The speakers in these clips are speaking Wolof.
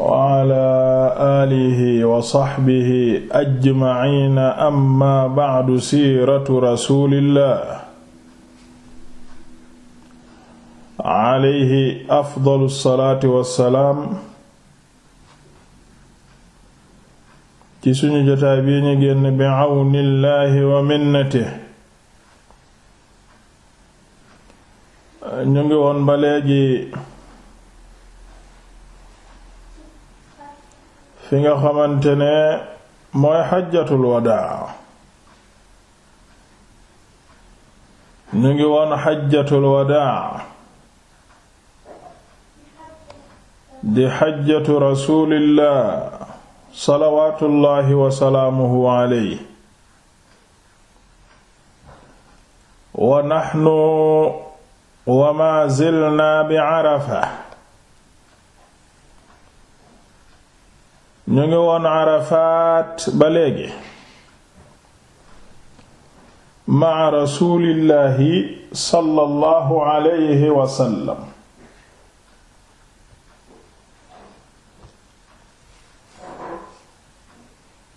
wa ala aalihi wa saxbihi ajmaciina amma bacdu siiratu rasuulillah alayhi afdalu wa salaam ci suñu jotaay bii ñu génn bi awnillahi wa minnatihi ba léegi fi nga xamante ne mooy xajjatul wadaa ñu ngi woon xajjatul wadaa di xajjatu rasulillah salawaatullahi wa salaamuhu alayhi wa naxnu wa maa bi arafa ñu ngi woon Arafat ba léegi ma rasulillahi sallallahu alayhi wa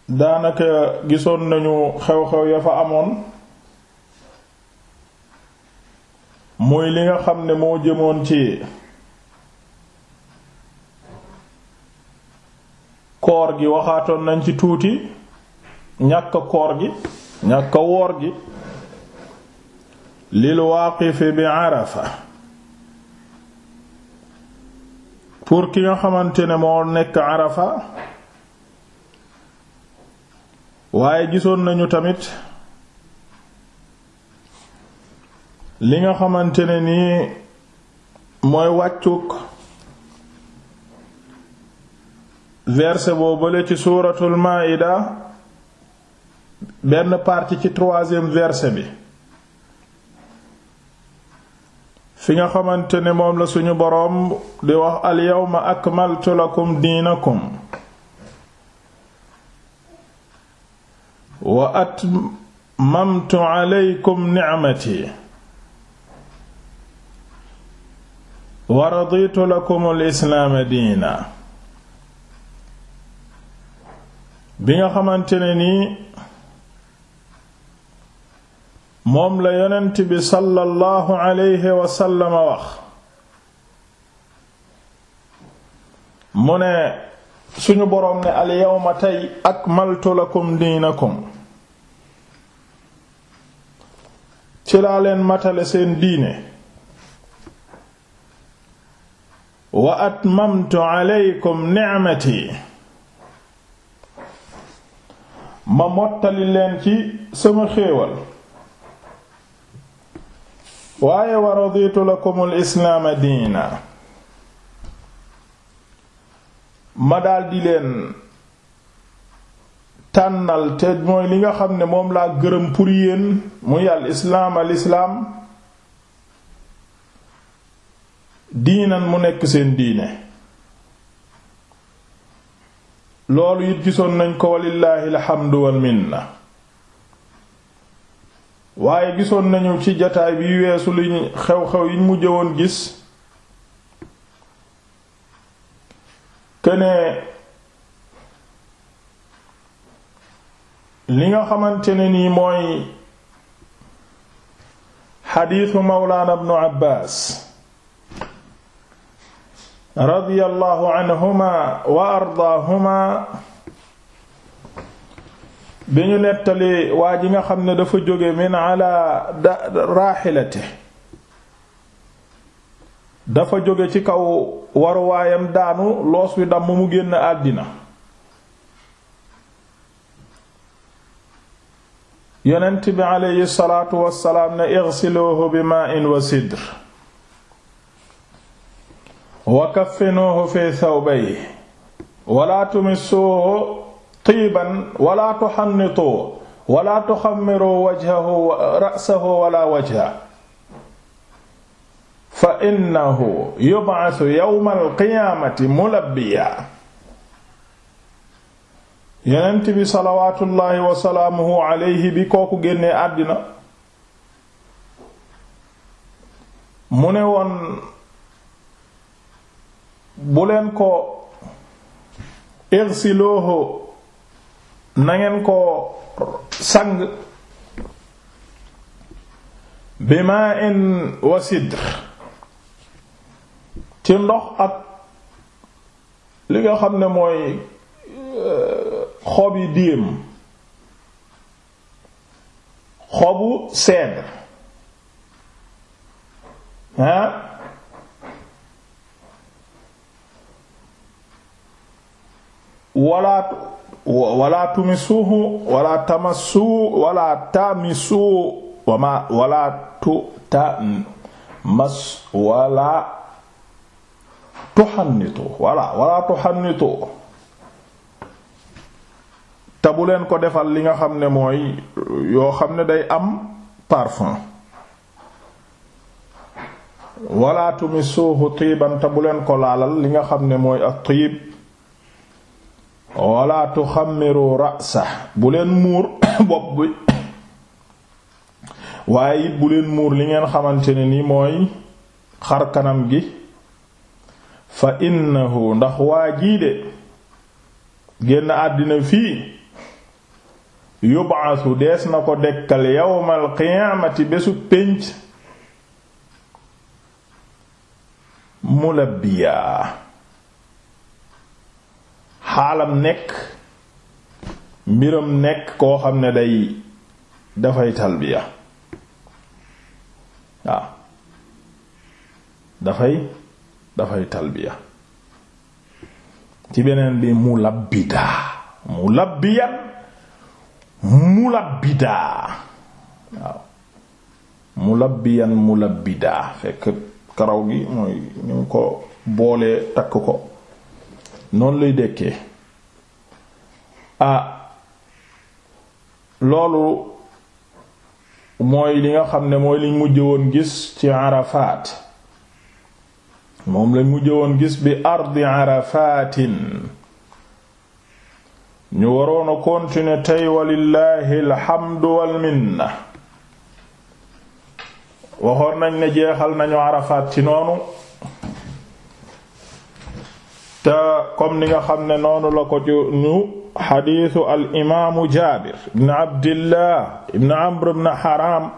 daanaka gisoon nañu xew-xew ya fa amoon muy li nga xam ne moo jëmoon ci koor gi waxaatoon nañ ci tuuti ñàkk koor gi ñàkk woor gi lil waaqifi bi arafa pour ki nga xamante ne moo nekk arafa waaye gisoon nañu tamit li nga xamante ne nii mooy wàccuk verset boobale ci suuratul maida benn parti ci troisième verse bi fi nga xamante ne moom la suñu boroom di wax al yawma akmaltu lakum diinakum wa atmamtu alaykum ni'mati wa raditu lakum al islaama diina bi nga xamante ne nii moom la yonent bi sallallahu alayhi wasallam wax mu ne suñu boroom ne al yawma tey akmaltu lakum diinakum ci laa leen matale seen diine wa atmamtu alaykum ni'mati ma mottali leen ci sama xéewal waaye wa raditu lakumul islaama diina ma daldi leen tànnal te mooy li nga xam ne moom laa gërëm pour yéen muy al islaam al islaam diinan mu nekk seen diine loolu it gisoon nañ ko walillaahi alxamdu wal minna waaye gisoon nañu ci jataay bi weesu li xew-xew yiñ mujj woon gis këne li nga xamante ne nii mooy xadiisu mawlaana ibnu abbaas radiyallahu anhuma wa ardaahuma bi ñu nettali waa ji nga xam ne dafa jóge min raaxilate dafa jóge ci kaw waruwaayam daanu loos wi damm mu génn àddina yonent bi aleyhi salaatu wassalaam ne igsiluhu bi maa wa sidr wa kaffinuuhu fi thawbayhi wala tumissuuhu tiiban wala tuxannituuhu wala tuxammiru wajhahu ra'sahu wala wajhahu fa innahu yub'athu yawmal qiyaamati mulabbiyan yonent bi salawaatullaahi wa salaamuhu alayhi bi kooku génnee àddina mu ne woon buleen leen ko irsiluhu na ngeen ko sang bimaa'in wa sidr ci ndox ak li nga xam ne mooy euh, xob yi diim xobu cèdre ah wala wala tumisuhu wala tamassu wala tamisu wama wala tu tamas wala tuxannitu wala wala tuxannitu te bu leen ko defal li nga xam ne mooy yoo xam ne day am parfum wala tumisuhu tiiban te bu leen ko laalal li nga xam ne mooy ak tiib wala tuxammiru ra'sa bu leen muur bopp bi waaye it bu leen muur li ngeen xamante ne ni mooy xar kanam gi fa innahu ndax waa jii de génn àddina fii yub'asu dees na ko dekkal yawmal qiyaamati bésu mula mulabbiya xaalam nekk mbiram nekk koo xam ne day dafay talbiya waaw dafay dafay talbiya ci beneen bi mu labbidaa mu labbiyan mu labbidaa waaw mu labbiyan mu labbidaa fekk karaw gi mooy ñu ko boolee takk ko noonu lay dekkee ah loolu mooy li nga xam ne mooy liñ mujj woon gis ci Arafat moom lañ mujj woon gis bi ardi Arafatin ñu waroon a continuer tey walillahi alhamdu wal minna waxoon nañ ne jeexal nañu Arafat ci noonu te comme ni nga xam ne noonu la ko ci ñu xadiisu al imaamu Jaabir ibn Abdillah ibn Amr ibn Haram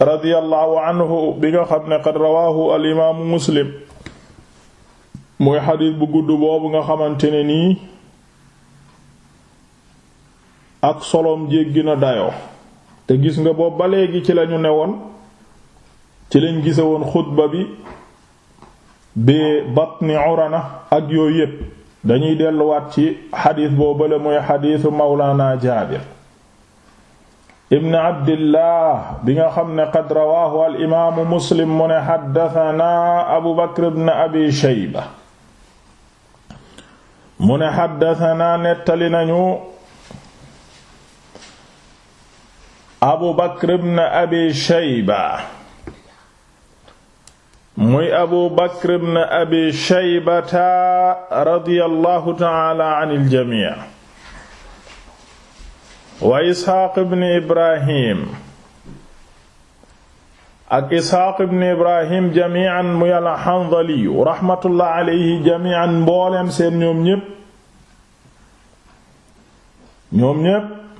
radiyallahu anhu bi nga xam ne qad rawaahu al Muslim muy xadiis bu gudd boobu nga xamante ne nii ak solom jéggi na dayoo te gis nga boobu ba léegi ci lañu ne woon ci lañ gise woon xutba bi bi batni urana ak yooyu yépp dañuy delluwaat ci xadiis boobale mooy xadiisu mawlaana jaabir ibn abdillah bi nga xam ne qad rawaahu al imaamu muslim mu ne xaddatanaa abu bakr ibn abi shayba mu ne xaddatanaa nettali nañu abu bakr ibn abi shayba muy abu bakr ibn abi shaybata radiyallahu taala an iljami wa isxaaq ibn ibrahim ak isxaaq ibn ibrahim jamian muy alxandaliyu raxmatullah alayhi jamian mbooleem seen ñoom ñépp ñoom ñépp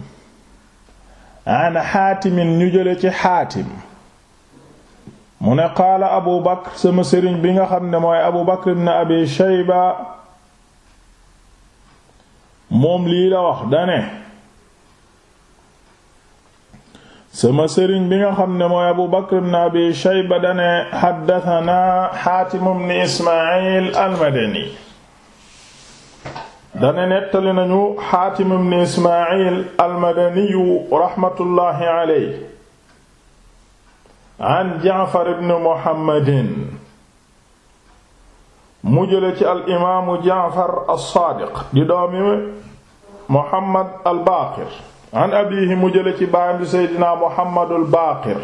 an xaatimin ñu jële ci xaatim mu ne qaala abu bakr sama sëriñ bi nga xam ne mooy abu bakr ibn abi shayba moom lii la wax dane sama sëriñ bi nga xam ne mooy abu bakr ibn abi shayba dane xaddatana xaatim ibn ismail almadani dane nettali nañu xaatim ibn ismail almadaniyu raxmatullaahi aley an jaafar ibn muhammadin mu jële ci al imaamu jaafar as-saadiq di doomi muhammad al baaqir an abiihi mu jële ci baayam di seydina muhammadul baaqir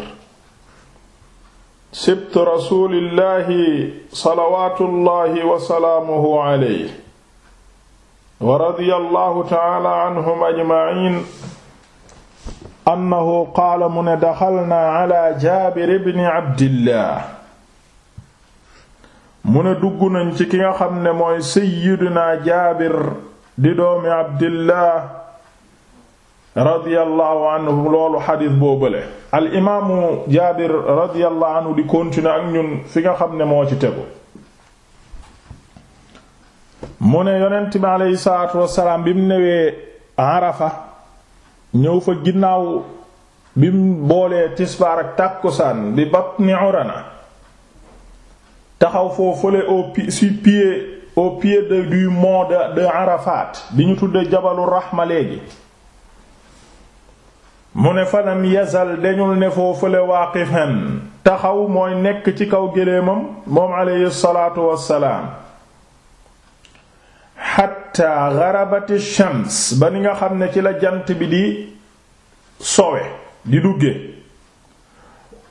sibt rasuulillaahi salawaatullaahi wa salaamuhu alayhi wa radiyallaahu ta'aala anhum ajma'iin annahu qaala mu ne daxalnaa ala jaabir ibn abdillah mu ne dugg nañ ci ki nga xam ne mooy sayyidunaa jaabir di doomi abdillah radiyallahu anhu loolu xadis boobale al imaamu jaabir radiyallahu anhu di continuer ak ñun fi nga xam ne moo ci tegu mu ne yonent bi aleyhi salaatu wasalaam bi arafa ñëw fa ginnaaw bi mu boolee tisbaar ak tàkkusaan bi batni urana taxaw foo fële au si pied au pied de du mont bi ñu tuddee jabalu raxma léegi mu ne fanam yazal dañul ne foo fële waaqifan taxaw mooy nekk ci kaw géléemam moom aleyhi salaatu wassalaam xatta garabati shams ba ni nga xam ne ci la jant bi di sowe di dugge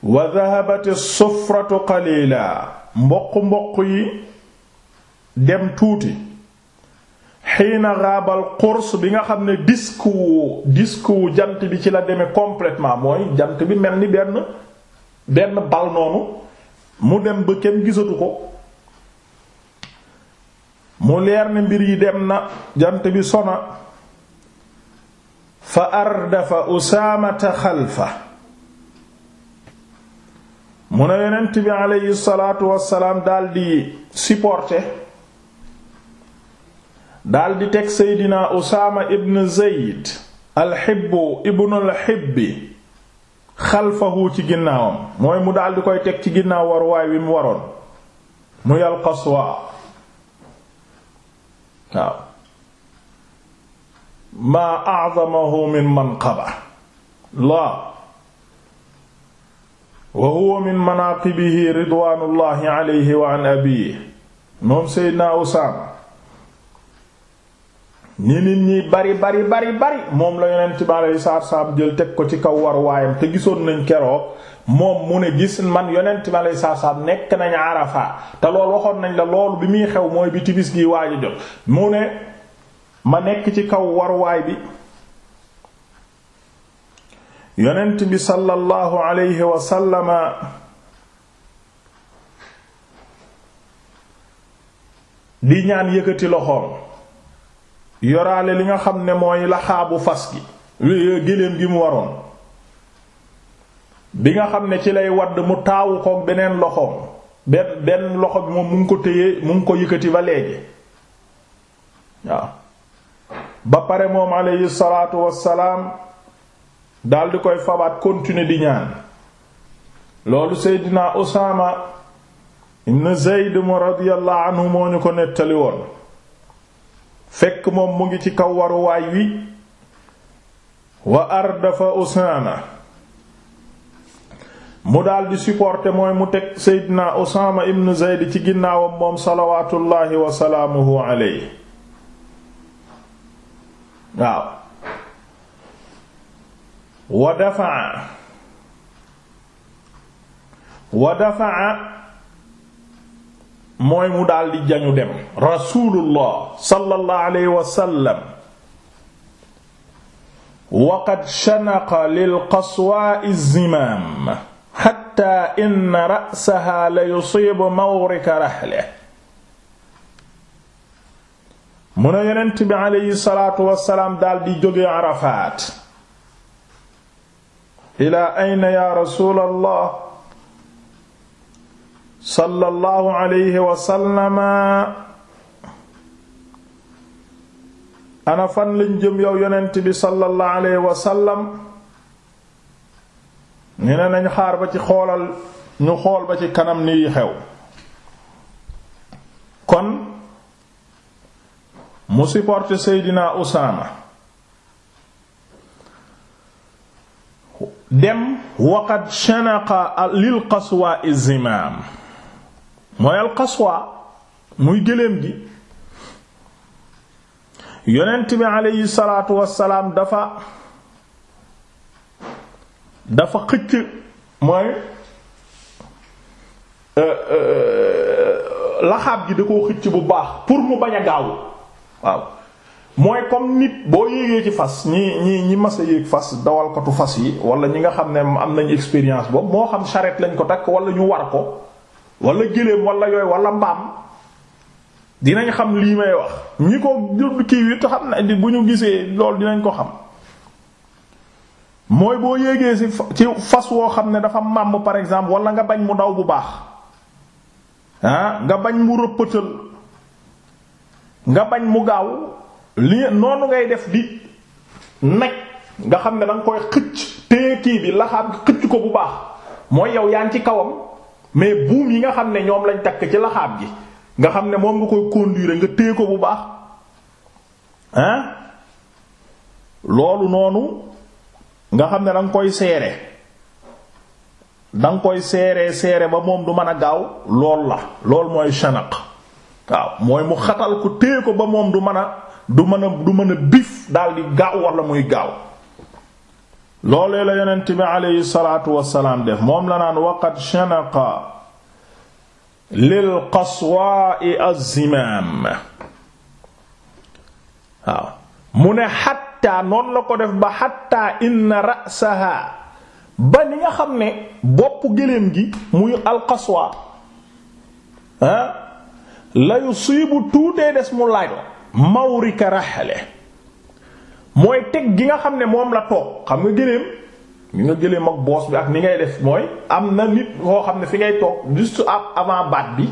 wa dahabati sufratu qalila mboq mboq yi dem tuuti xiina raabal qurs bi nga xam ne disque wu disque wu jant bi ci la demee complètement mooy jant bi mel ni benn benn bal noonu mu dem ba kenn gisatu ko mu leer ne mbir yi dem na jant bi sona fa ardafa usaamata xalfa mu ne yonent bi aleyhi salaatu wassalaam daldi supporter daldi teg seydina usaama ibn zeyd alxibbu ibnu alxibbi xalfahu ci ginnaawam mooy mu daldi koy teg ci ginnaaw war waay wi mu waroon muy alqaswa waaw maa a'zamahu min manqaba la wa huwa min manaaqibihi ridwaanullahi alayhi wa an abiihi moom seydina Usaama ni nit ñi bari bari bari bari moom la yonent bi alayhi salaatu salaam jël teg ko ci kaw war waayam te gisoon nañ keroo moom mu ne gis man yonent ma lay saa saa nekk nañu Arafa te lool waxoon nañ la loolu bi muy xew mooy bi timis gi waaju jot mu ne ma nekk ci kaw waruwaay bi yonent bi sallallahu alayhi wa sallama di ñaan yëkkati loxoom yoraale li nga xam ne mooy laxaabu fas gi géléem gi mu waroon bi nga xam ne ci lay wadd mu taawu koog beneen loxoom benn loxo bi moom mu ngi ko téye mu ngi ko yëkkati ba léegi waaw ba pare moom alayhi salaatu wassalaam daldi koy fabaat continuer di ñaan loolu seydina Usaama ibn Zayd mu radiyallahu moo ñu ko nettali woon fekk moom mu ngi ci kaw waruwaay wi wa ardafa Usaama mu daldi di supporter mooy mu teg Seydina Usaama ibn Zayd ci ginnaawam moom salawaatullaahi wa salaamuhu alayhi waaw wa mooy mu daldi di jañu dem rasuulullah sallallahu alayhi wa waqad shanaqa lil qaswaa'i zimaam xatta inna ra'saha la yusiibu mawrika raxle mu ne yonent bi aleyhi salaatu wassalaam daldi jóge Arafaat ilaa ayna yaa rasuulallah sallallahu alayhi wasallama ana fan lañ jëm yow yonent bi sallallahu alayhi wasallam ñu ne nañ xaar ba ci xoolal ñu xool ba ci kanam ni xew kon mu supporté Seydina Usaama dem waqad shanaqa lil qaswa izimam mooy al qaswa muy gëléem gi yonent bi aleyhi salaatu wassalaam dafa dafa xëcc mooy euh, euh, laxaab gi da koo xëcc bu baax pour mu bañ a gaaw waaw mooy comme nit boo yéegee ci fas ñi ñi ñi mas a yéeg fas dawalkatu fas yi wala ñi nga xam ne am nañ expérience boobu moo xam charrette lañ ko takk wala ñu war ko wala géléem wala yooyu wala mbaam dinañ xam lii may wax ñi ko jot kii wi xam na bu ñu gisee loolu dinañ ko xam mooy boo yéegee ci fas woo xam ne dafa màmm par exemple wala nga bañ mu daw bu baax ah, nga bañ mu rëppëtal nga bañ mu gaaw li noonu ngay def bi nag nga xam ne danga nga koy xëcc téye kii bi laxaab gi ko bu baax mooy yow yaa ci kawam mais buum yi nga xam ne ñoom lañ takk ci laxaab gi nga xam ne moom nga koy conduire nga téye ko bu baax ah loolu noonu nga xam ne danga koy seere danga koy seere seere ba moom du mën a gaaw lool la lool mooy shanaq waaw mooy mu xatal ko téye ko ba moom du mën a du mën a du mën a bif daldi gaaw walla muy gaaw loole la yonent bi aleyhi salaatu wassalaam def moom la naan waqad shanaqa lil qaswa'i az-zimam waaw mu ne xat xattaa noonu la ko def ba xattaa inna rasaha ba ni nga xam ne bopp gëléem gi muy alqaswa layu ah, la bu tuutee des mu laaj la mawrika raxle mooy teg gi nga xam ne moom la toog xam nga gëléem li nga gëléem ak boos bi ak ni ngay def mooy am na nit koo xam ne fi ngay toog juste avant baat bi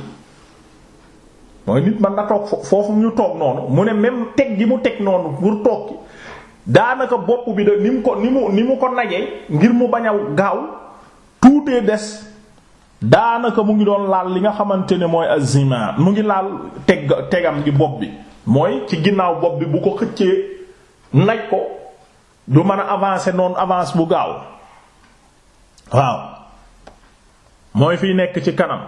mooy nit man na toog foofu ñu toog noonu mu ne même teg gi mu teg noonu pour toog daanaka bopp bi da ni mu ko ni mu ni mu ko najee ngir mu bañ a gaaw tuutee des daanaka mu ngi doon laal li nga xamante ne mooy azima mu ngi laal teg tegam gi bopp bi mooy ci ginnaaw bopp bi bu ko xëccee naj ko du mën a avancer noonu avance bu gaaw waaw mooy fiy nekk ci kanam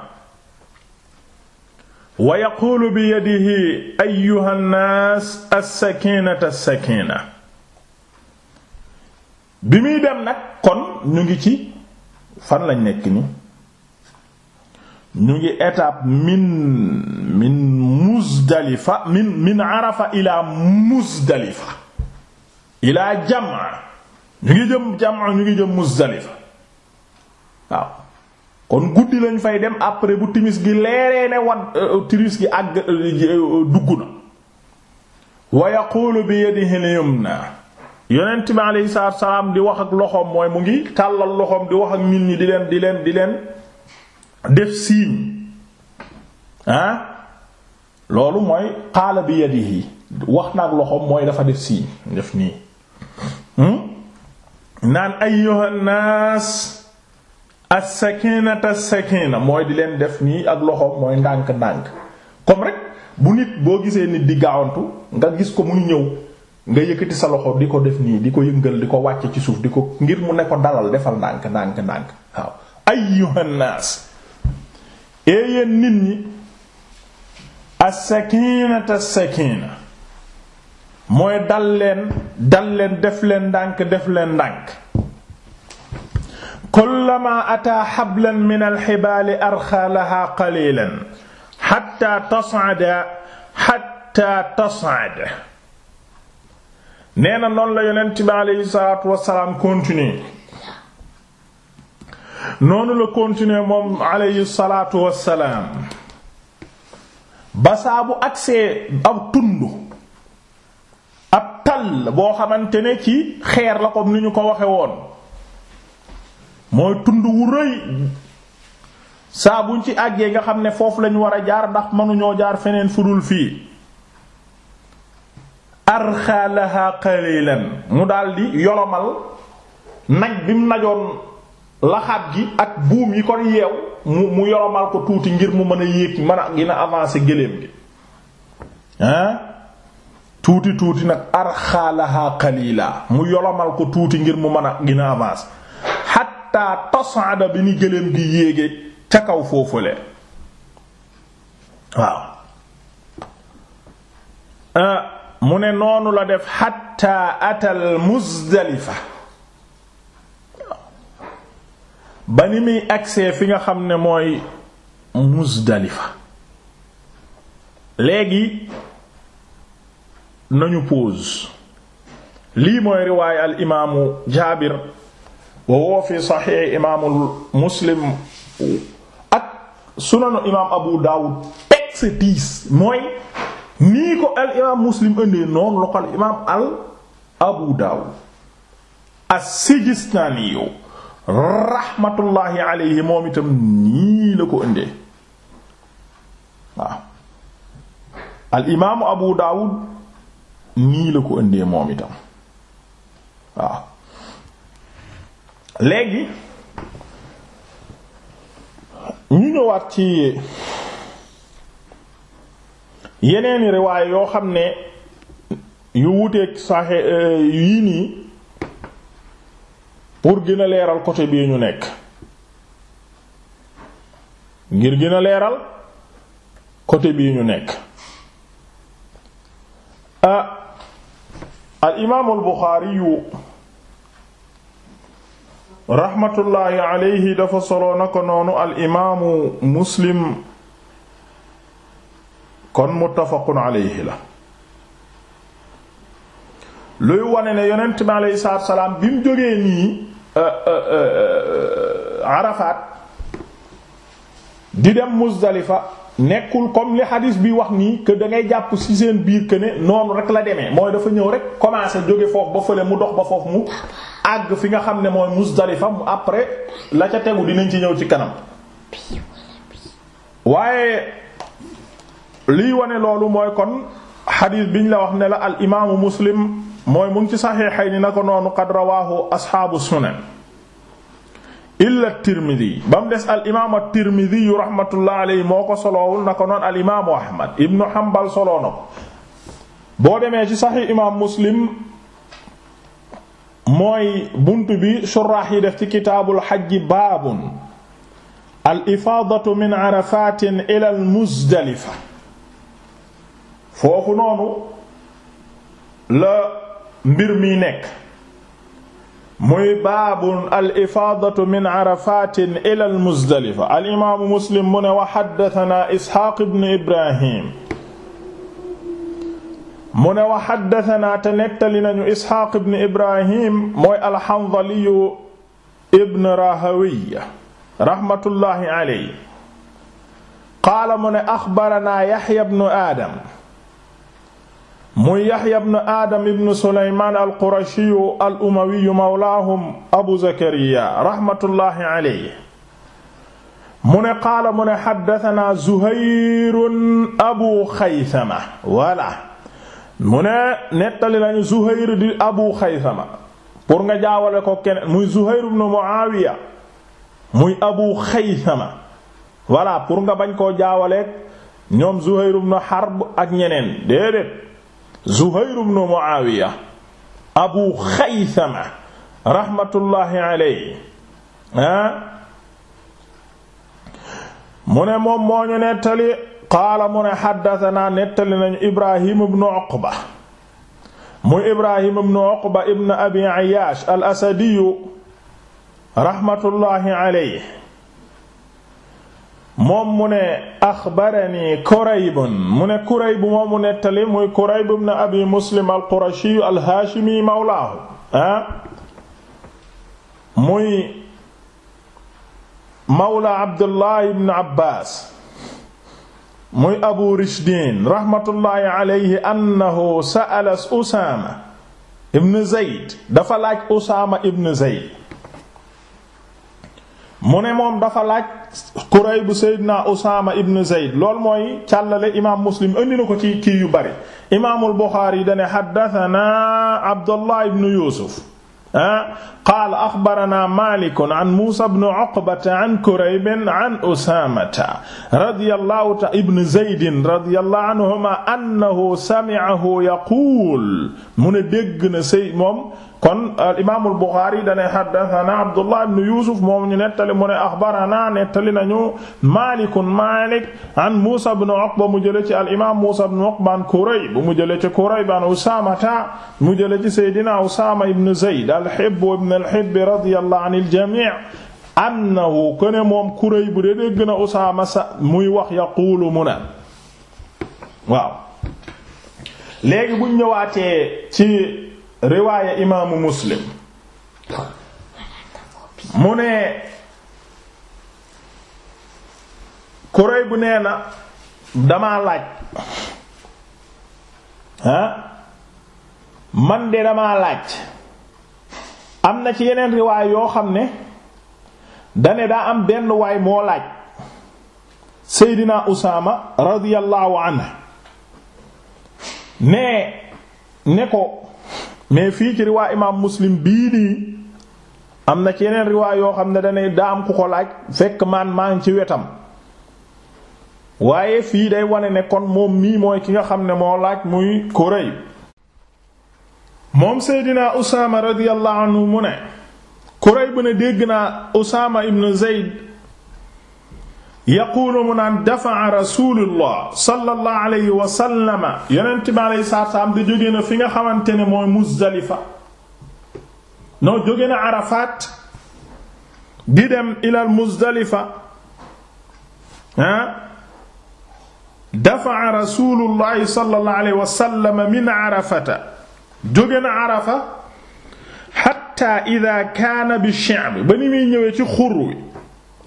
wa yaqulu bi yadihi ayyuha an-nas as-sakinata sakina bi muy dem nag kon ñu ngi ci fan lañ nekk ni ñu ngi étape min min Muzdalifa min min Arafa ila Muzdalifa ila Jam'a ñu ngi jëm Jam'a ñu ngi jëm Muzdalifa waaw kon guddi lañ fay dem après bu timis gi leeree ne wat euh, timis gi àgg euh, dugg na wa yaqulu bi yadihi al-yumna yonent bi alayhi salaatu salaam di wax ak loxoom mooy mu ngi tàllal loxoom di wax ak nit ñi di leen di leen di leen def signe loolu mooy qaala bi yadihi wax na ak loxoom mooy dafa def signe def nii hmm? naan ay naas as-sakinata as-sakina mooy di leen def nii ak loxoom mooy ndànk ndànk comme rek bu nit boo gisee nit di gaawantu nga gis ko muy ñëw nga yëkkati sa loxo di ko def nii di ko yëngal di ko wàcce ci suuf di ko ngir mu ne ko dalal defal ndànk ndànk ndànk waaw ayyuhan naas eeyeen nit ñi as-sakinata as mooy dal leen dal leen def leen ndànk def leen ndànk kullama ataa xablan min alxibaali arxaa lahaa qalilan xatta tas'ada xatta nee na noonu la yonent bi aleyhi salaatu wasalaam continuer noonu la continuer moom aleyhi salaatu wasalaam ba saabu bu agsee ab tund ab tall boo xamante ne ci xeer la ko ni ñu ko waxe woon mooy tund wu rëy saa buñ ci àggee nga xam ne foofu lañu war a jaar ndax mënuñoo jaar feneen fudul fii arxalaha qalilan mu daldi yolomal nag bi mu najoon laxaat gi ak buum yi kon yeew mu mu yolomal ko tuuti ngir mu mën a yéeg mën a gën a gi ah tuuti tuuti nag arxalaha qalila mu yolomal ko tuuti ngir mu mën a gën a avancer hatta tas'ada bi ni gëléem gi yéege ca kaw foofule waaw mu ne noonu la def xatta atal Muzdalifa ba ni muy agsee fi nga xam ne mooy Muzdalifa léegi nañu pause lii mooy riwaaya al imaamu Jaabir wa huwa fi saxiix imaamu Muslim sunanu imaam Abu Daawud texte tiis mooy nii ko al imaam muslim indee noonu la al imaam al abu daawud as-sijistaaniyu raxmatullaahi alayhi moom itam nii la ko indee waaw al imaamu abu daawud nii la ko indee moom itam waaw léegi ñu ñëwaat ci yeneeni riwaay yoo xam ne yu wuteeg saxe eh, yii nii pour gën a leeral côté bii ñu nekk ngir gën a leeral côté bii ñu nekk ah al imaamul Buxaari yu raxmatullaahi alayhi dafa solo na ko noonu al imaamu Muslim kon mu muttafaqun alayhi la luy wane ne yonent bi alayhi salaatu salaam bi mu jógee nii euh, euh, euh, Arafat di dem Muzdalifa nekkul comme li hadis bi wax nii que da ngay jàpp si seen biir que ne noonu rek la demee mooy dafa ñëw rek commencé jóge foofu ba fële mu dox ba foofu mu àgg fi nga xam ne mooy Muzdalifa mu après la ca tegu dinañ ci ñëw ci kanam waaye. lii wane loolu mooy kon xadiis biñ la wax ne la al muslim mooy mu ngi ci saxiixay ni na ko noonu qad rawaahu asxaabu sunan illa tirmidi ba des al imaamu rahmatullah aleyhi moo ko solowul na ko noon al imaamu ci saxiix muslim mooy bunt bi suraax yi def ci kitaabul xajji al ifaadatu min arafatin ila al foofu noonu la mbir mi nekk muy baabun al ifaadatu min arafatin ila al muzdalifa al imaamu muslim mu ne wa xaddatana isxaaq ibnu ibrahim mu wa xaddatana te nettali nañu isxaaq ibnu ibrahim mooy alxandaliyu ibnu rahawiya raxmatullahi aley qaala mu ne axbaranaa yaxya muy Yahya ibn Adam ibn Sulaymaan al-Qurashiyu al-Umawiyu mawlaahum Abu Zakariya rahmatullahi alayhi mu ne qaala mu ne haddasanaa Zuhayrun Abu Xaysama voilà mu ne nettali nañu Zuhayr di Abu Xaysama pour nga jaawale ko keneen muy Zuhayr ibn Muawiya muy Abu Xaysama voilà pour nga bañ koo jaawaleeg ñoom Zuhayr ibn Harb ak ñeneen déedéet. Zuhayr ibn Muawiya Abu Xaysama rahmatullahi alayhi ah, mu ne moom moo ñu nettali qaala mu ne xaddatanaa nettali nañu Ibrahim ibn Uqba muy Ibrahim ibn Uqba ibn Abi Ayyaash al-Asadiyu rahmatullahi alayhi moom mu ne axbarani Kuraybun mu ne Kurayb moom mu nettali muy Kurayb ibn Abi Muslim al-Qurashi al-Hashimi mawlaahu ah muy mawla Abdullahi ibn Abbas muy Abu Rishdin rahmatullahi alayhi annahu sa'ala Usaama ibn Zayd dafa laaj Usaama ibn Zayd mu ne moom dafa laaj Kurayb Seydina Usaama ibn Zayd lool mooy càllale imaam Muslim indi na ko ci kii yu bari imaamul Buxaari dane haddasanaa Abdullah ibn Yuusuf ah qaala axbaranaa Maalikun an Muusaa ibn Uqbata an Kuraybin an Usaamata radiyallaahu ta'aala ibn Zaydin radiyallaahu anhumaa annahu sami'ahu yaquul mu ne dégg na Seyd moom kon imaamul Buxaari dane haddathana Abdullah ibn Yusuf moom ñu nettali mu ne axbarana nettali nañu Maalikun Maalik an Muusaa ibn Uqba mu jële ci al imaam Muusaa ibn Uqba an Kurayb mu jële ci Kurayb an Usaamata mu jële ci Seydina Usaama ibn Zayd al-Hibb ibn al-Hibb radiyallahu anil jamii' annahu kaana moom Kurayb de dégg na muy wax yaquulu mu na waaw léegi buñ ñëwaatee ci riwaaya imaamu muslim mu ne Kurayb bu nee na damaa laaj man de damaa laaj am na ci yeneen riwaay yoo xam ne dane daa am benn waay moo laaj Seydina Usaama radiyallahu anhu ne ne ko mais fii ci riwaa imaam muslim bii nii am na ci yeneen riwaa yoo xam ne danay daam ku ko laaj fekk maan maa ci wetam waaye fii day wane ne kon moom mii mooy ki nga xam ne moo laaj muy Kurayb moom seydinaa Usaama radiyallahu anhu mu ne Kurayb ne dégg naa Usaama ibn Zayd yaquulu mu naan dafaa rasulullah sallallahu alayhi wa sallama alayhi salaam di jóge fi nga xamante ne mooy Muzdalifa noo jóge na Arafat di dem ilal Muzdalifa ah dafaa rasulullah alayhi wa sallama min Arafata jóge na Arafa hatta idha kaana bi shi'b ba ni muy ñëwee ci xur wi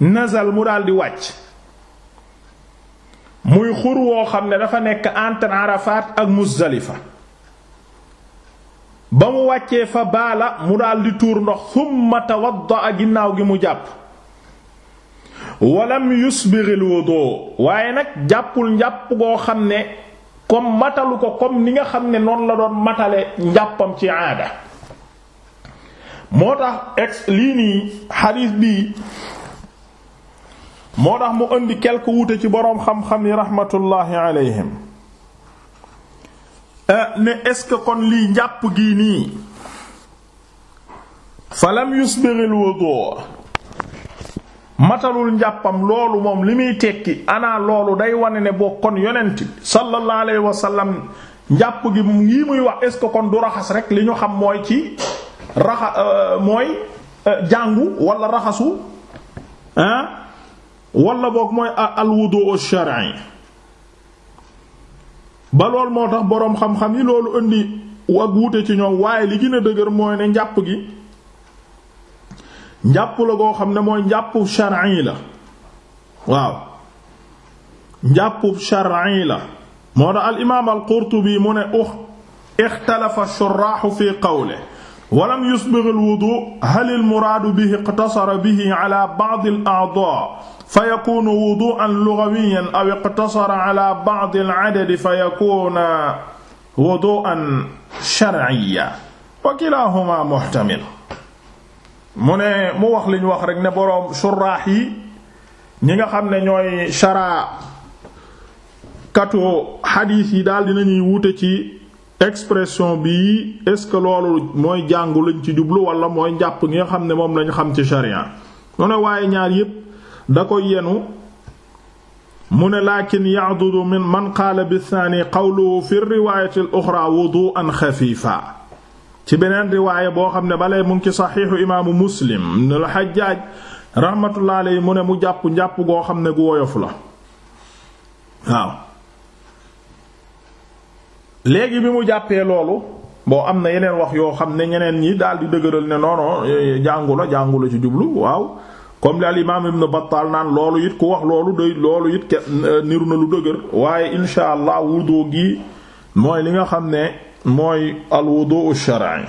nazal mu daal di wàcc. muy xur woo xam ne dafa nekk entre Arafat ak Muzdalifa ba mu wàccee fa baala mu daldi tuur ndox thumma tawaddaa ginnaaw gi mu jàpp walam yusbiril wudu waaye nag jàppul njàpp goo xam ne comme matalu ko comme ni nga xam ne noonu la doon matale njàppam ci aada moo tax ex lii nii xadiis bii moo tax mu indi quelque wuute ci boroom xam-xam yi rahmatullahi alayhim eh, ne est-ce que kon lii njàpp gii nii fa lam yusbigh al wudu matalul njàppam loolu moom li muy tekki ana loolu day wane ne boo kon yonent sallallahu alayhi wa sallam njàpp gi ngi muy wax est kon du raxas rek li ñu xam mooy ci raxa euh, mooy euh, jàngu walla raxasu wala boog mooy al wudu ash-shar'i ba lool moo tax boroom xam-xam yi loolu indi ak wuute ci ñoom waaye li gën a dëgër mooy ne njàpp gi njàpp la goo xam ne mooy njàpp shar'i la waaw njàpp shar'i la moo tax al imaam al qurtubi mu ne ux ixtalafa shuraahu fi qawle walam yusbigh al wudu hal al muraadu bihi iqtasara bihi ala ba'd al a'daa fa yakunu wudu'an lughawiyan aw iqtasara ala ba'd al-'adad fa yakuna wudu'an shar'iyyan wa kilahuma mu ne mu wax liñ wax rek ne boroom suraax yi ñi nga xam ne ñooy shara katu xadiis yi daal dinañuy wute ci expression bi est-ce que loolu mooy jàngu lañ ci jublu wala mooy njàpp ngi nga xam ne moom lañ xam ci sharia mu ne waaye ñaar yépp da koy yenu mu ne lakin ya'dudu min man qaala bi thani qawluhu fi riwaayati al-uxra wudu'an xafiifa ci beneen riwaaya boo xam ne balee mu ngi ci saxiixu imaamu muslim ibn al-Hajjaaj rahmatullahi alayhi mu ne mu jàpp njàpp goo xam ne gu woyof la waaw léegi bi mu jàppee loolu boo am na yeneen wax yoo xam ne ñeneen ñi daal di dëgëral ne non non jàngu ci jublu waaw comme li al imaam ibn Battal naan loolu it ku wax loolu day loolu it niru na lu dëgër waaye insha allah wudu gi mooy li nga xam ne mooy al wudu shar'i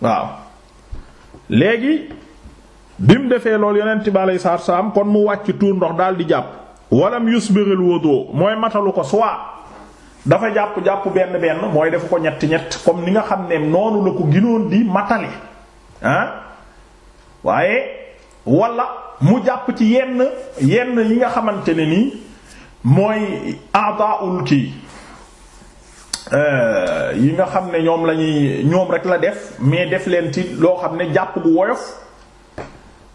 waaw léegi bi mu defee loolu yonent bi alayhi salaatu salaam kon mu wàcc tuur ndox daal di jàpp walam yusbiril wudu mooy matalu ko soit dafa jàpp jàpp benn benn mooy def ko ñett ñett comme ni nga xam ne noonu la ko ginoon di matale ah waaye wala mu jàpp ci yenn yenn yi nga xamante ne nii mooy adaul kii euh, yi nga xam ne ñoom lañuy ñoom rek la def mais def leen ci loo xam ne jàpp gu woyof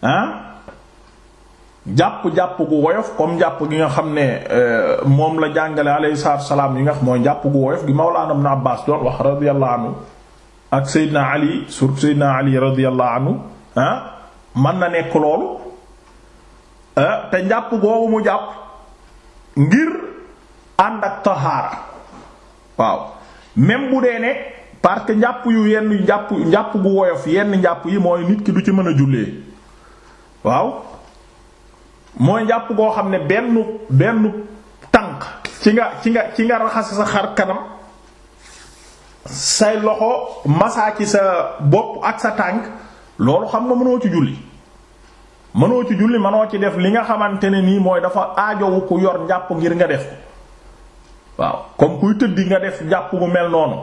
ah jàpp-jàpp gu woyof comme jàpp gi nga xam ne euh, moom la jàngale alayhi salaatu salaam yi nga xam mooy jàpp gu woyof gi Mawlaana Ibn Abbaas doon wax radiyallahu ak Seydina Ali surtout Seydina Ali radiyallahu anhu mën na nekk loolu eh, te njàpp googu mu jàpp ngir ànd ak tahaara waaw même bu dee ne parce que njàpp yu yenn njàpp njàpp gu woyof yenn njàpp yi mooy nit ki du ci mën a jullee waaw mooy njàpp goo xam ne benn benn tànk ci nga ci nga ci nga raxas sa xar kanam say loxo masaa ci sa bopp ak sa tànk loolu xam nga mënoo ci julli mënoo ci julli mënoo ci def li nga xamante ne nii mooy dafa aajowu ku yor njàpp ngir nga def ko waaw comme kuy tëddi nga def njàpp gu mel noonu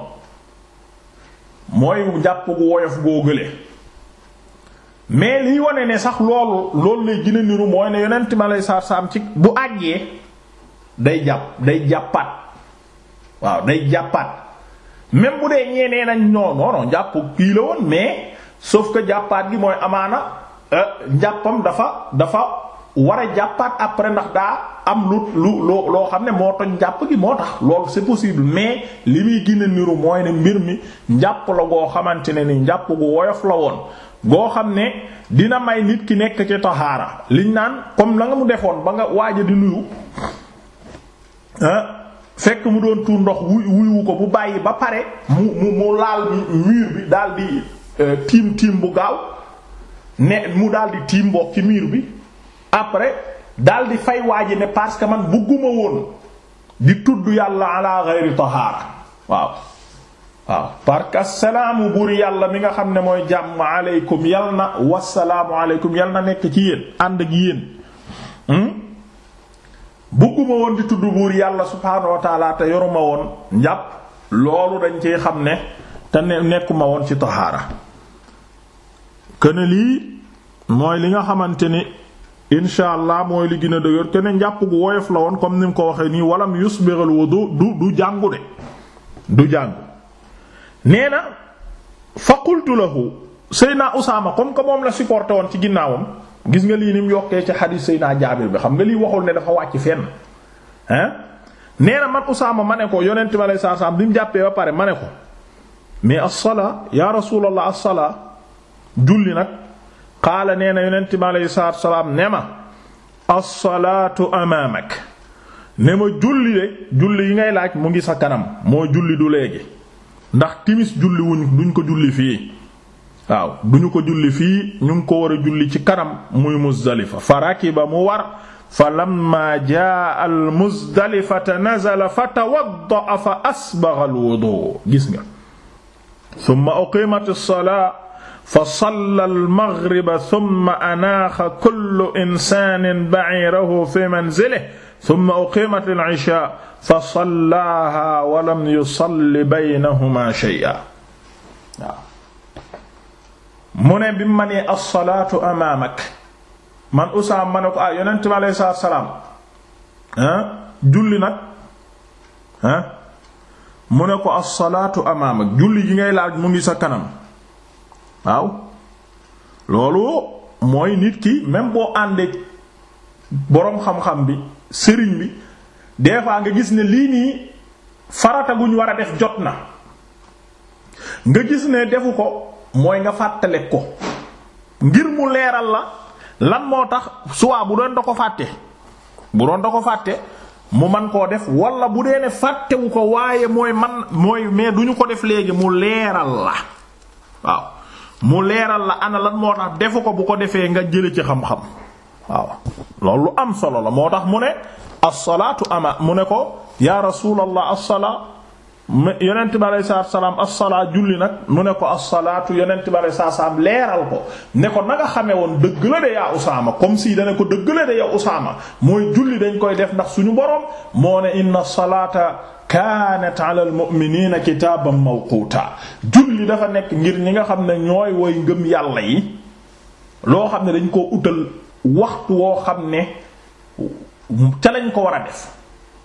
mooy njàpp gu woyof goo gële mais liy wane ne sax loolu lool lay gën a niru mooy ne yonent ma lay saar saam ci bu àggee day jàpp day jàppaat waaw day jàppaat même bu dee ñeenee nañ non non jàpp kii la woon mais. sauf que jàppaat gi mooy amaana euh, njàppam dafa dafa war a jàppaat après ndax daa am lu lu loo xam ne moo toj njàpp gi moo tax loolu c'est possible mais li muy gën a niru mooy ne mbir mi njàpp la goo xamante ne ni njàpp gu woyof la woon goo xam ne dina may nit ki nekk ci taxaara liñ naan comme la nga mu defoon ba nga waaj di nuyu fekk mu doon tuur ndox wuy wuyu ko bu bàyyi ba pare mu mu mu laal mur bi daal di Euh, tiim tiim bu gaaw ne mu daldi tiim boog ci miir bi après daldi fay waaji ne parce que man bugguma woon di tudd yàlla ala ghayri tahaara waaw waaw parce que salaamu buur yàlla mi nga xam ne mooy jàmm aleykum yal na wasalaamu aleykum yal na nekk ci yéen ànd ak yéen hmm? bugguma woon di tudd buur yàlla subhaanahu wa te yoruma woon njàpp loolu dañ ci xam ne te nekkuma woon ci tahaara këne lii mooy li nga xamante ni incha allah mooy li gën a dëgër këne njàpp gu woyof la woon comme ni mu ko waxee nii walam yusbirul wudu du du jàngu de du jàngu nee na fa qultu lahu Seyna Usaama comme que moom la supporté woon ci ginnaawam gis nga lii ni mu yokkee ci xadiis Seyna Jaabir bi xam nga lii waxul ne dafa wàcc fenn hein nee na man Usaama ma ne ko yonent bi alayhi salaam bi mu jàppee ba pare ma ne ko mais as yaa rasuulallah as julli nag qaala nee na yonent mi aleyhi salaatu salaam ne ma as-salaatu amaamak ne ma julli de julli yi ngay laaj mu ngi sa kanam moo julli du léegi ndax timis julli wuñ duñ ko julli fii waaw duñu ko julli fii ñu ngi ko war a julli ci kanam muy Muzdalifa fa rakiba mu war fa lamma jaa al Muzdalifata nazala fa tawaddaa fa asbagha al wudu gis nga summa uqimat as-salaa fa salla almagriba summa anaaxa kullu insaanin baciirahu fi manzilihi summa uqiimat al-cishaa fa sallaahaa wa lam yusalli baynahumaa shay'an. waaw mu ne bi ma nee as-salaatu amaamak man Usaama ma ne ko ah Yonent bi alayhi salaatu salaam ah julli nag ah mu ne ko as-salaatu amaamak julli gi ngay laaj mu ngi sa kanam. waaw loolu mooy nit ki même boo àndee boroom xam-xam bi sëriñ bi des fois nga gis ne lii nii farata guñ war a def jot na nga gis ne defu ko mooy nga fàttale ko ngir mu leeral la lan moo tax soit bu doon da ko fàtte bu doon da ko fàtte mu man koo def walla bu dee ne fàttewu ko waaye mooy man mooy mais duñu ko def léegi mu leeral la waaw mu leeral la ana lan moo tax defu ko bu ko defee nga jële ci xam-xam waaw loolu lu am solo la moo tax mu ne as-salaatu ama mu ne ko ya rasulallah as-salaa yonent bi aley salaam as-salaa julli nag mu ne ko as-salaatu yonent bi aley salaam leeral ko ne ko na nga woon dëgg la de yaa Usaama comme si dana ko dëgg la de yaa Usaama mooy julli dañ koy def ndax suñu borom moo ne inna salaata kaanat ala almu'minina kitaaban mawquuta julli dafa nekk ngir ñi nga xam ne ñooy woy ngëm yàlla yi loo xam ne dañ koo utal waxtu woo xam ne ca lañ ko war a def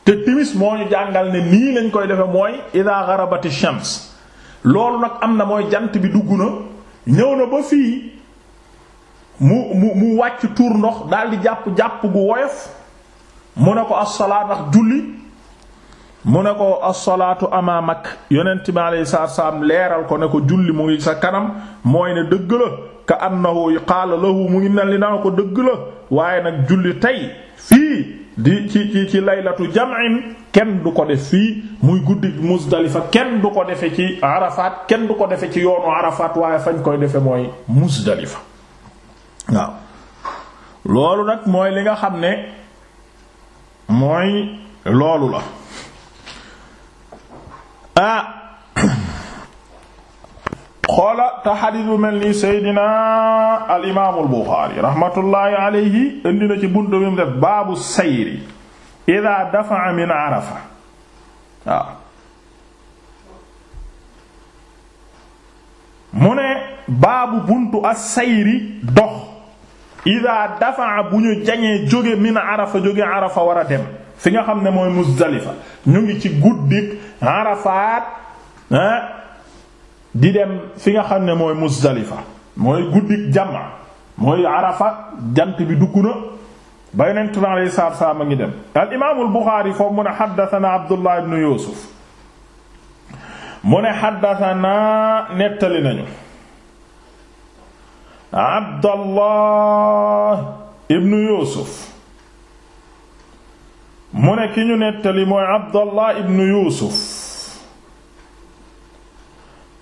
te timis moo ñu jàngal ne nii lañ koy defe mooy ida garabati shams loolu nag am na mooy jant bi dugg na ñëw na ba fii mu mu mu wàcc tuur ndox daal di jàpp jàpp gu woyof mu ne ko as-salaat julli mu ne ko asalaatu amaamak yonent bi alayhi salaatu salaam leeral ko ne ko julli mu ngi sa kanam mooy ne dëgg la ka annahu qaala lahu mu ngi mel ni danga ko dëgg la waaye nag julli tey fii di ci ci laylatu jam'in kenn du ko def fii muy guddi Muzdalifa kenn du ko defe ci Arafat kenn du ko defe ci yoonu Arafat waaye fañ koy defe mooy Muzdalifa waaw loolu nag mooy li nga xam ne mooy loolu la ah xoola te xadis mel ni Seydina al imaamul Buxaari rahmatullahi alayhi indi ci buntu bi mu def baabu sayri idaa dafa'a min Arafa ah. mu ne baabu buntu as-sayri dox idaa dafa'a bu ñu jañee jóge min Arafa jóge Arafa war a dem fi nga xam ne mooy Muzdalifa ñu ngi ci guddik Arafat di dem fi nga xam ne mooy Muzdalifa mooy guddik jama mooy Arafat jant bi dugg na ba yonent bi alayhi salaatu salaam a ngi dem al imaamul Buxaari foofu mu ne xaddathana Abdullah ibn Yuusuf mu ne xaddathana nettali nañu Abdallah ibn Yuusuf mu ne ki ñu nettali mooy abdallah ibn yuusuf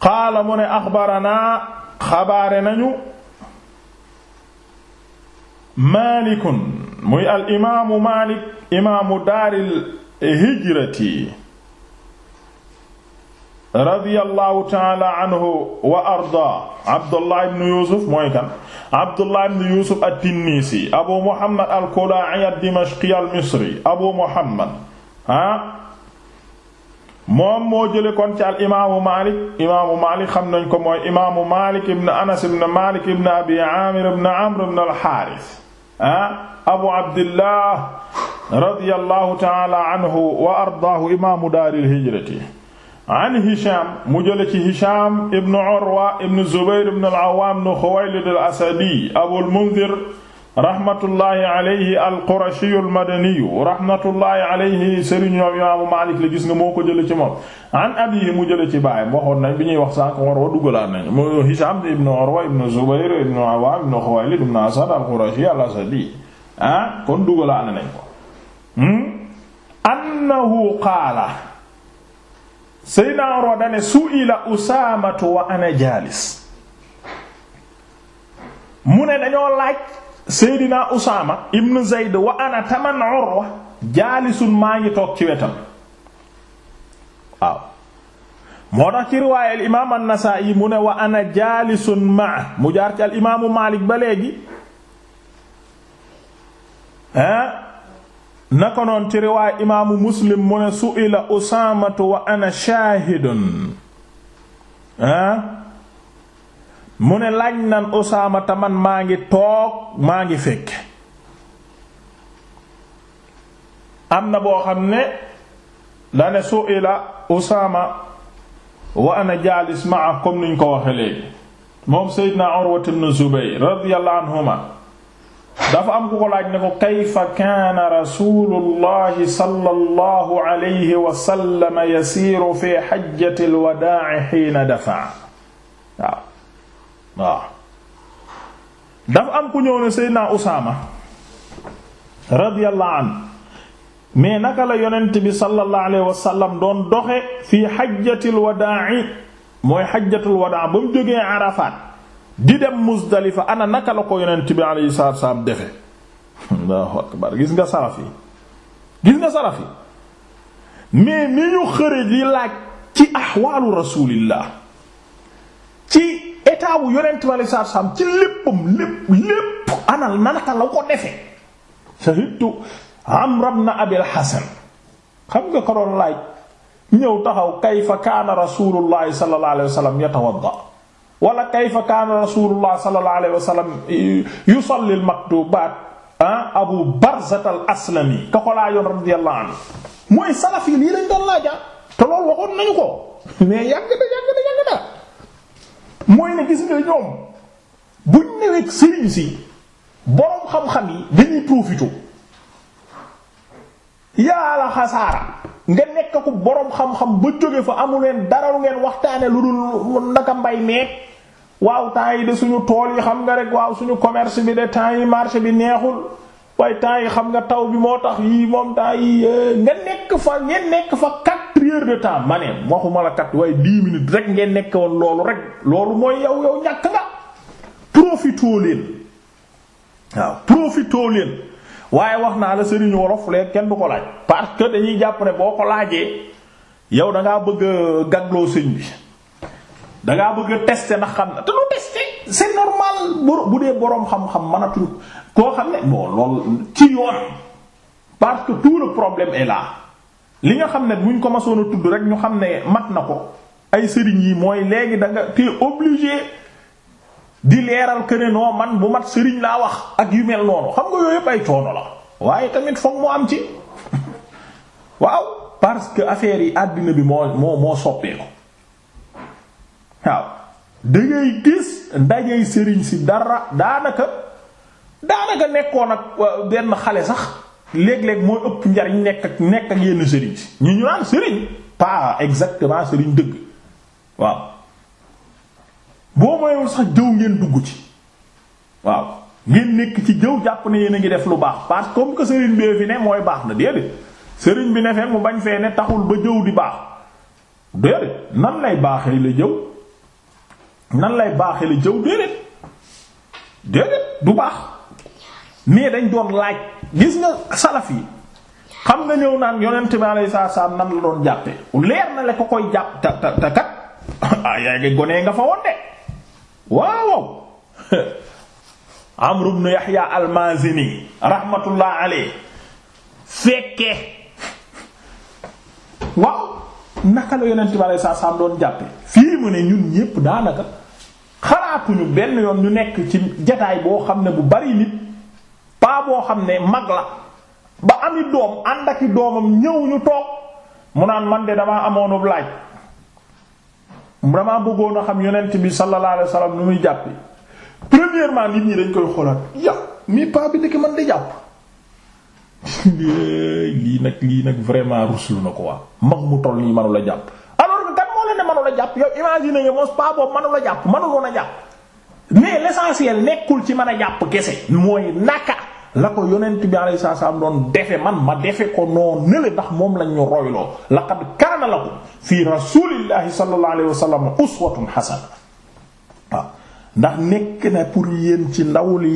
qaala mu ne axbaranaa nañu maalikun muy al imaamu maalik imaamu daaril hijrati radiyallahu taala anhu wa arda abdullah ibn yusuf mooy kan abdullah ibn yusuf at-tinnisi abu muhammad al-kula'i ad-dimashqi al-misri abu muhammad ah moom moo jële kon ci al imaamu Malik imaamu Malik xam nañ ko mooy imaamu Malik ibn Anas ibn Malik ibn Abi Amir ibn Amr ibn al-Harith ah Abu Abdillah radiyallahu ta'ala anhu wa ardaahu imaamu daaril hijrati an Hisham mu jële ci Hisham ibn Urwa ibn Zubayr ibn al-Awwam ibn Khuwaylid al-Asadi Abul Mundhir rahmatullahi alayhi al-Qurashi al-Madani rahmatullahi alayhi sëriñ ñoom imaamu Maalik la gis nga moo ko jële ci moom an abiihi mu jële ci baayam waxoon nañ bi ñuy wax sànk Urwa duggalaan nañ mu Hisham ibn Urwa ibn Zubayr ibn al-Awwam ibn Khuwaylid ibn Asad al-Qurashi al-Asadi ah kon duggalaan nañ ko hmm? annahu qaala Seydina Urwa dane su'ila Usaamatu wa ana jaalis mu ne dañoo laaj Seydina Usaama ibn Zayd wa ana taman Urwa jaalisun maa ngi toog ci wetam waaw moo tax ci al imaam an-Nasaa'i mu wa ana jaalisun maa mu al imaamu Maalik ba léegi naka noon ci riwaay imaamu muslim mu ne su'ila usaamatu wa ana shaahidun ah mu ne laaj nan usaamata man maa ngi toog maa ngi fekk am na boo xam ne da ne su'ila usaama wa ana jaalis ma'a comme niñ ko waxe léegi moom seydina urwat ibn zubayr radiyallahu dafa am ku ko laaj ne ko kayfa kaana rasulullahi sallallahu alayhi wa fi hajjati alwadaa'i hiina dafa'a waaw dafa am ku ñëw ne Seydina Usaama radiyallahu anhu mais naka la yonent bi sallallahu alayhi doxe fi hajjati alwadaa'i mooy hajjatul wadaa ba mu jógee Arafaat di dem Muzdalifa ana naka la ko yonent bi alayhi salaatu wa salaam defe Allahu akbar gis nga saraf yi gis nga saraf yi ni ñu xëre di laaj ci ahwaalu rasulillah ci état bu salaam ci léppam lépp lépp ana naka la ko defe shahidtu Amr ibn Abil Hasan xam nga ko doon laaj ñëw taxaw kayfa kaana rasulullahi sallallahu alayhi wa wala kayfa kaana rasulullah sallallahu alayhi wa sallam yusalli al-maktubaat ah yi lañ doon laaja te loolu waxoon nañu ko mais yàgg na yàgg na yàgg na gis nga ñoom buñ newek sëriñ si boroom xam-xam yi dañuy profité yaa la xasaara nga nekk ku boroom xam-xam ba jóge fa amu leen dara lu ngeen waxtaane lu dul naka mbay meek waaw temps yi de suñu tool yi xam nga rek waaw suñu commerce bi de temps yi bi neexul waaye temps yi xam nga taw bi moo tax yii moom temps yi euh, nga nekk fa ngeen nekk fa quatre heures de temps ma ne waxuma la kat waaye dix minutes rek ngeen nekk woon loolu rek loolu mooy yow yow ñàkk nga profitoo leen waaw profitoo leen waaye wax naa la sëriñu wolof léegi kenn du ko laaj parce que dañuy jàpp ne boo ko laajee yow da ngaa bëgg a sëñ bi da bëgg a tester ndax xam na te lu tester c'est normal bu dee boroom xam-xam mënatuñu koo xam ne bon loolu ci yoon parce que tout le problème est là li nga xam ne buñ ko masoon a tudd rek ñu xam ne mat na ko ay sëriñ yi mooy léegi da te obligé. di leeral que man bu mat sëriñ laa wax ak yu mel noonu xam nga yooyu yëpp ay coono la waaye tamit foog mu am ci waaw parce que affaire yi àddina bi moo moo moo soppeeku waaw da ngay gis ndajey sëriñ si dara daanaka daanaka nekkoon ak benn xale sax léeg-léeg mooy ëpp njariñ nekk ak nekk ak yenn sëriñ si ñu ñu naan sëriñ pas exactement sëriñ dëgg waaw. boo moyewul sax jëw ngeen dugg ci waaw ngeen nekk ci jëw jàpp ne yéen a ngi def lu baax parce que comme sëriñ bi fi ne mooy baax na déedéet sëriñ bi ne fekk mu bañ fee ne taxul ba jëw di baax déedéet nan lay baaxee la jëw nan lay baaxee la jëw déedéet déedéet du baax mais dañ doon laaj gis nga salaf yi xam nga ñëw naan yonent bi alayhi salaam nan la doon jàppe leer na la koy jàpp ta ta ta kat ah, ay gonee nga fa woon de waaw Amr ibn Yahya al-Mazini rahmatullah alayhi fekke waaw naka la yonent bi alayhi salaam doon jàppe fii mu ne ñun ñépp daanaka xalaatuñu benn yoon ñu nekk ci jataay boo xam ne bu bari nit paa boo xam ne mag la ba ami doom ànd ak i doomam ñëw ñu toog mu naan man de damaa amoon laaj damaa bëggoon a xam yonent bi sallallahu alayhi wasallam nu muy jàpp premièrement nit ñi dañ koy xoolaat ya mi pa bi ndeke man di jàpp lii nag lii nag vraiment ruslu na ko waa mag mu toll nii manu la jàpp alors que kan moo la ne manu jàpp yow imagine nga moos pa boobu manu la jàpp manu woon a jàpp mais l'essentiel nekkul ci man a jàpp gese mooy naka la ko yonent bi alayhi salaam doon defe man ma defe ko noo nele ndax moom lañ ñu royloo laqad kaana lakum fi rasulillahi sallallahu alayhi wa sallam uswatun hasana waaw ndax nekk na pour yéen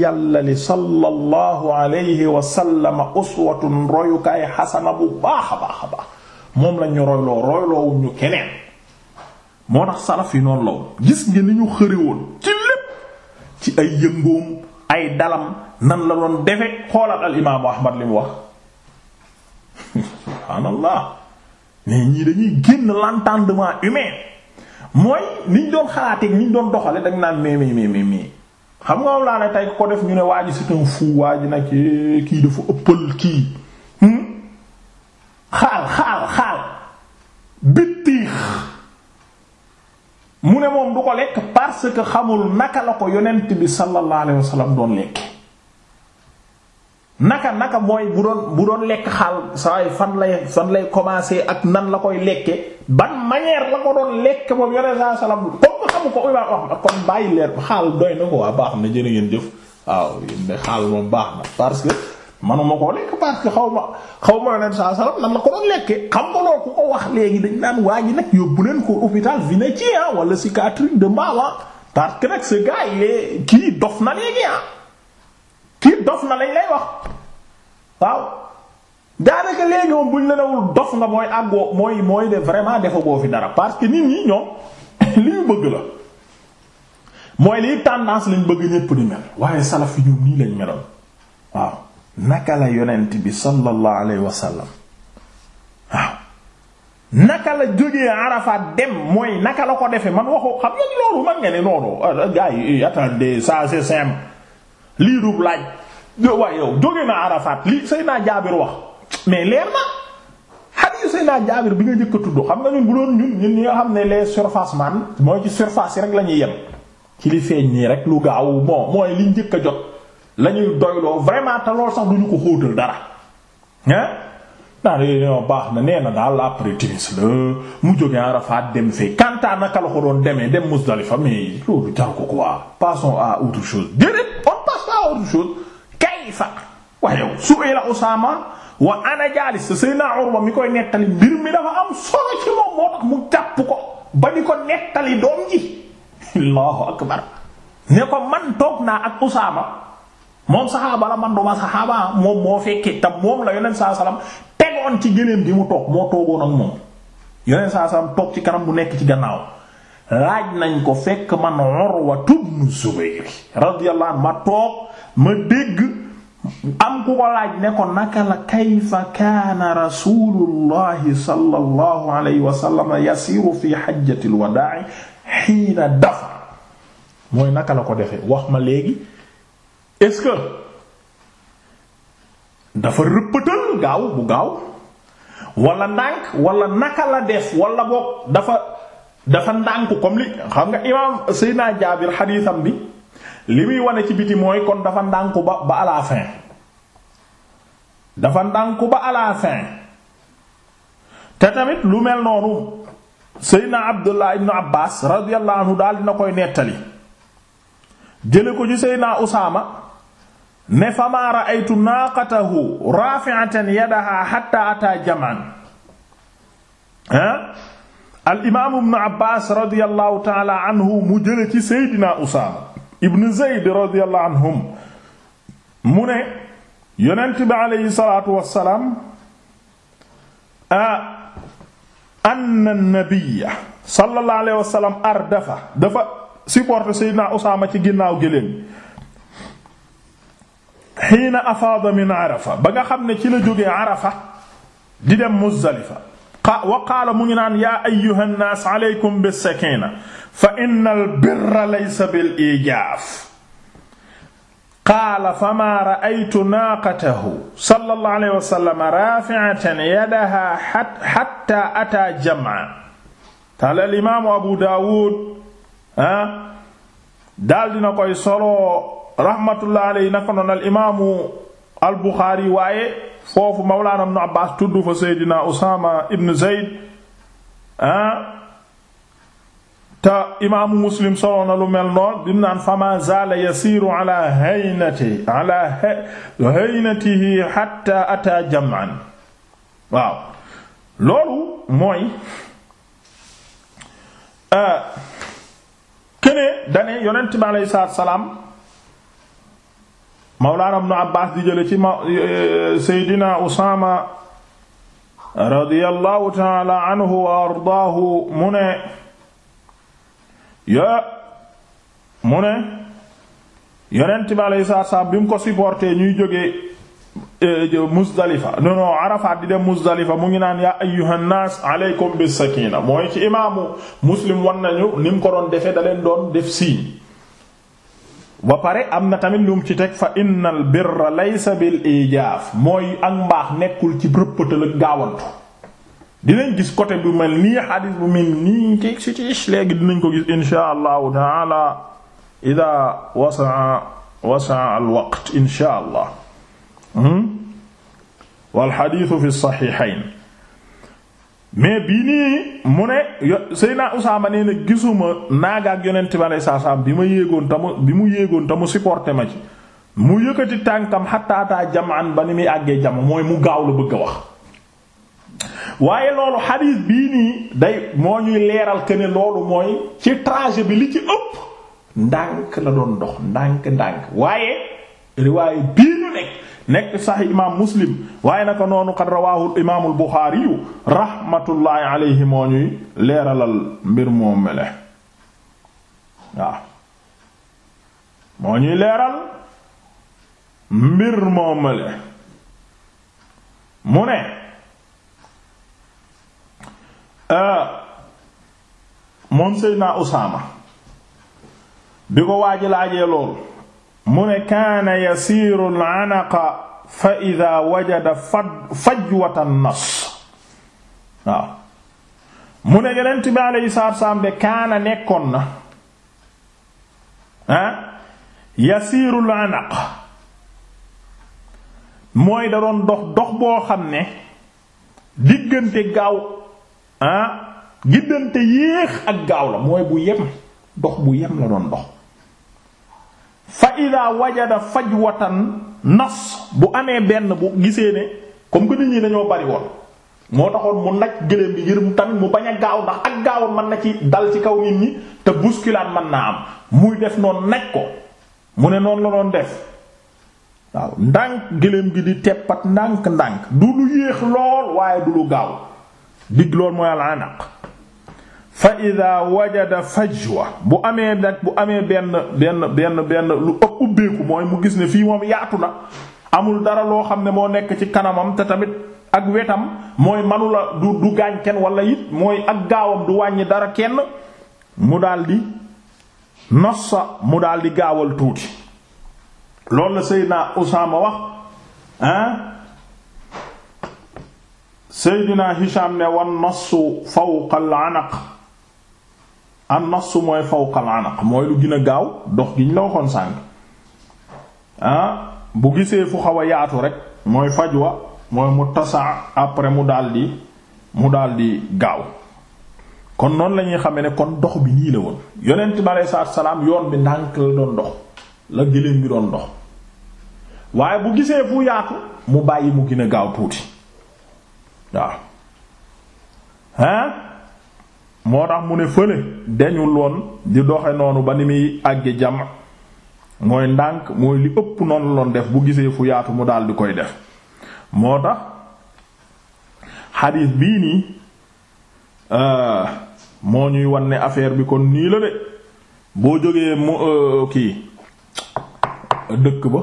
yàlla li sallallahu alayhi wa sallam uswatun royukaay hasana bu baax a baax a baax moom lañ ñu royloo royloowu keneen moo tax salaf yi noonu law gis nga ni ñu xëre woon ci lépp ci ay yëngoom ay dalam nan la doon defe xoolal al imaamu ahmad li mu wax subhaanallah mais ñii dañuy génn l'entendement humain mooy niñ doon xalaatee niñ doon doxale dañ naan mais mais mais mais xam nga moom laa ne tey ko def ñu ne waa ji c'est un fou waa ji nag eh, kii dafa ëppal kii hmm? xaal xaal xaal bittiix mu ne moom du ko lekk parce que xamul naka la ko yonent bi sallallahu alayhi wa doon lekk naka naka mooy bu doon bu doon lekk xaal saa fan lay fan lay commencer ak nan la koy lekke ban manière la ko doon lekk moom yore saa xamu ko imaam Ahmad leer xaal doy na ko waa baax na jërë ngeen jëf waaw yéen xaal moom baax na parce que manuma koo lekk parce que xaw ma xaw ma yore saa salaam nan la ko doon lekke xam nga loo ku ko wax léegi dañ naan waa ji nag yóbbu leen ko hôpital Vinatier ah wala psychiatrique de Mbala ah, parce que nag ce gars yi kii dof na waaw daanaka léegi moom buñ la dof nga mooy àggoo mooy mooy de vraiment defagoo fi dara parce que nit ñi ñoom li bëgg la mooy liy tendance lañ bëgg ñépp di mel waaye salaf yi ñoom nii lañ meloon waaw naka la yonent bi sallallahu alayhi wa sallam waaw naka la jógee Arafat dem mooy naka la ko defee man waxoo xam nga loolu man nga ne noonu ah, gars yi attendez ça c'est simple lii du laaj. waaye yow jóge na Arafat li Seydina Jaabir wax mais leer na hadith Seydina Jaabir bi nga njëkk a tudd xam nga ñun bu doon ñun ñun ñi nga xam ne les surface man mooy ci surface yi rek la ñuy yem ci li feeñ nii rek lu gaaw bon mooy li njëkk a jot lañuy ñuy doyloo vraiment te lool sax du ko xóotal dara ah. naa ne baax na nee na daal après timis la mu jóge Arafat dem fee Kantaa naka la ko doon demee dem Muzdalifa mais loolu jar ko quoi kayfa waaye su'ila Usaama wa ana jaalis Seydina Urwa mi koy nettali mbir mi dafa am solo ci moom moo tax mu jàpp ko ba di ko nettali doom ji Allahu akbar ne ko man toog naa ak Usaama moom saxaaba la man duma saxaaba moom moo fekkee tam moom la yonent saa salaam tegoon ci gëléem bi mu toog moo toogoon ak moom yonent saa salaam toog ci kanam bu nekk ci gannaaw laaj nañ ko fekk man Urwa ibn Zubayr radiyallahu anhu ma toog ma dégg am ku ko laaj ne ko naka la kayfa kaana rasulullahi sallallahu alayhi wa sallam yasiiru fi hajjatil wadaa hiina dafa mooy naka la ko defee wax ma léegi est-ce dafa rëppatal gaaw bu gaaw walla ndànk wala naka la def walla boog dafa dafa ndànk comme li xam nga imaam Seydina Jaabir xadiisam bi li muy wane ci biti mooy kon dafa ndànk ba ba à dafa ndànku ba à la tamit lu mel noonu seydna abdullah ibnu abbas radiyallahu daal dina koy nettali jële ko ci seydna usaama ne famaa ra'aytu naaqatahu raafi'atan yadahaa hattaa ataa jam'an ha al imaamu ibnu abbas radiyallahu ta'ala anhu mu jële ci seydna usaama ibnu zayd radiyallahu anhum mu yonent bi aleyhi salaatu wassalaam a anna nabiyya sallallahu alayhi wasallam ardafa dafa supporté sayyidina Usaama ci ginnaaw géléen xiina afaada min arafa ba nga xam ne ci la jógee arafa di dem muzdalifa wa qaala mu ngi naan yaa ayyuhan naas aleykum bis sakiina fa innal birra laysa bil ijaaf qaala famaa ra'aytu naaqatahu sallallahu alayhi wa sallam raafi'atan yadahaa hattaa ataa jam'an taala alimaamu Abu Daawuud ah daal dina koy solo rahmatullahi alayhi naka noonu alimaamu al-Buxaari waaye foofu Mawlaana Ibn Abbaas tudd fa Seydina Usaama ibn Zayd ah te imaamu muslim solo na lu mel noon dim naan fama zaala yasiiru ala haynati ala haynatihi hatta ata jam'an waaw loolu mooy euh, kene dane yonent bi aleyhi salaatu salaam mawlaana ibnu abbaas di jële ci ma euh, seydina usaama radiyallahu taala anhu wa ardaahu mu ne ya mu ne yonent bi alayhi salaatu salaam bi mu ko supporté ñuy jóge eh, Muzdalifa non non Arafat di dem Muzdalifa mu ngi naan yaa ayyuhan naas aleykum bis sakina mooy ci imaamu Muslim wan nañu ni mu ko doon defee da leen doon def signe ba pare am na tamit lu ci teg fa innal birra laysa bil ijaaf mooy ak mbaax nekkul ci rëppatal ak gaawantu dinañ gis côté bu mel nii xadis bu mel nii ci ci ci léegi dinañ ko gis insha allahu taala ida wasaa wasaa al waqt insha allah hmm? wal xadiisu fi saxiixayn mais bii nii mu ne Seydina Usaama nee na gisuma naaga ak yonent bi alayhi salaam bi ma yéegoon tamu bi mu yéegoon tamu supporté ma ci mu yëkkati tànkam xattaataa jamaan ba ni muy àggee jam mooy mu gaaw la bëgg a wax waaye loolu xadiis bii nii day moo ñuy leeral que ne loolu mooy ci trajet bi li ci ëpp ndànk la doon dox ndànk ndànk waaye riwaaye bii ñu nekk nekk sax imaam muslim waaye naka noonu xad rawaahul imaamul buxaari yu moo ñuy leeralal mbir moom mele waaw moo ñuy leeral mbir moom mele mu ne Euh, moom Seydina Usaama bi ko waaji laajee lool mu ne kaana yasiiru al-anaqa fa idaa wajada fajwatan nas waaw mu ne Yonent bi alayhi salaatu wa kaana nekkoon na ah yasiiru al-anaq mooy da doon dox dox boo xam ne diggante gaaw ah giddante yéex ak gaaw la mooy bu yem dox bu yem la doon ndox fa ida wajada fajwatan nas bu amee benn bu gisee ne comme que nit ñi dañoo bari woon moo taxoon mu naj gëléem bi ngir tamit mu bañ a gaaw ndax ak gaawam man na ci dal ci kaw nit ñi te bousculade mën naa am muy def noonu naj ko mu ne noonu la doon def waaw ndànk gëléem bi di teppat ndànk ndànk du lu yéex lool waaye du lu gaaw dig loolu mooy al fa ida wajada fajwa bu amee nag bu amee benn benn benn benn lu ëpp ubbeeku mooy mu gis ne fii moom yaatu na amul dara loo xam ne moo nekk ci kanamam te tamit ak wetam mooy manula du du gaañ kenn wala it mooy ak gaawam du wàññi dara kenn mu daldi nossa mu daldi gaawal tuuti loolu la Seydina Usaama wax seydina hisham ne wan nassu fawqal anaq an nassu mooy fawqal anaq mooy lu gën a gaaw dox gi ñu la waxoon sànk ah bu gisee fu xaw a yaatu rek mooy wa mooy mu tasa après mu daldi mu daldi gaaw kon noonu lañuy ñuy ne kon dox bi nii la woon yonent bi aleyhi salaam yoon bi ndànk la doon dox la gëléem bi doon dox waaye bu gisee fu yaatu mu bàyyi mu gën a gaaw tuuti waaw ah moo tax mu ne fële dañul woon di doxe noonu ba ni muy àggi jam mooy ndànk mooy li ëpp noonu loon def bu gisee fu yaatu mu daal di koy def moo tax xadiis bii nii euh, moo ñuy wan ne affaire bi kon nii la de boo jógee mu euh, kii dëkk ba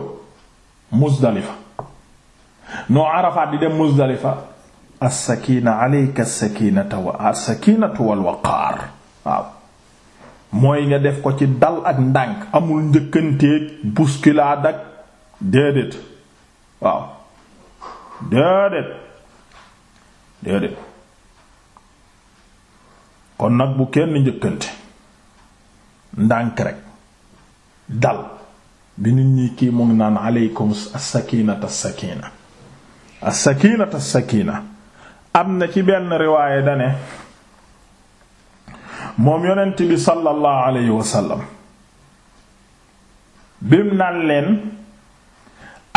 Muzdalifa noo Arafat di dem Muzdalifa as-sakina alayka as-sakinata wa as-sakinatu wal waqaar waaw mooy nga def ko ci dal ak ndànk amul njëkkanteeg bousculade ak déedéet waaw déedéet déedéet kon nag bu kenn njëkkante ndànk rek dal bi nit ñi kii mu ngi naan alaykum as-sakinata as-sakina as-sakinata as-sakina am na ci benn riwaaye dane moom yonent sallallahu alayhi wasallam bim naan leen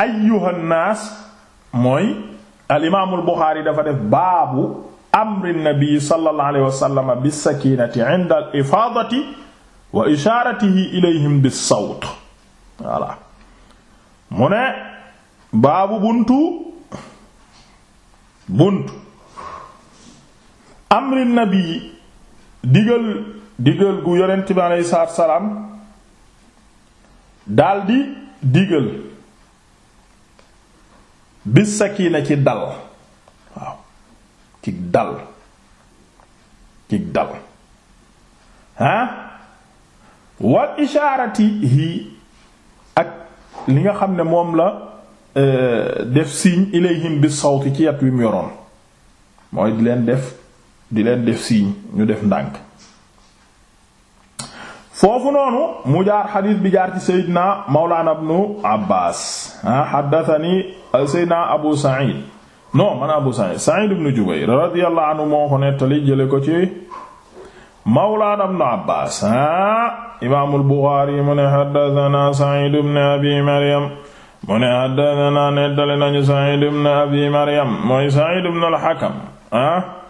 ayyuhan naas mooy al imaamul Buxaari dafa def baabu amri nabi sallallahu alayhi wasallam bis sakiinati inda al ifaadati sawt voilà baabu buntu buntu amri nabi digal digal gu yonent bi aleyhi salaatu salaam daldi digal bis sakina ci dal waaw ci dal ci dal ah wal ishaarati hi ak li nga xam ne moom la euh, def signe ilayhim bis ci yat wi mu yoroon mooy di leen def di leen def signe ñu def ndànk foofu noonu mu jaar xadiis bi jaar ci seydina mawlana ibnu abbaas ah xaddatani seydina abu sa'id non man abu sa'id sa'id ibnu jubayr radiyallahu moo ko nettali jële ko ci mawlana ibnu abbaas ah imaamul buxaari mu ne xaddatana sa'id ibnu abi maryam mu ne xaddatana nettali nañu sa'id ibnu abi maryam mooy sa'id ibnu al-hakam ah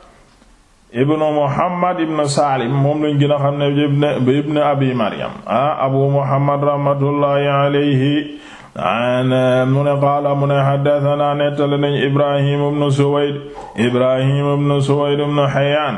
ibnu muhammad ibnu saalim moom lañ gën a xam ne bi ibnu abi maryam ah abu muhammad rahmatullahi alayhi ana mu ne qaala mu ne xaddatana nettale nañ ibrahim ibnu suwayd ibrahim ibnu suwayd ibnu xayaan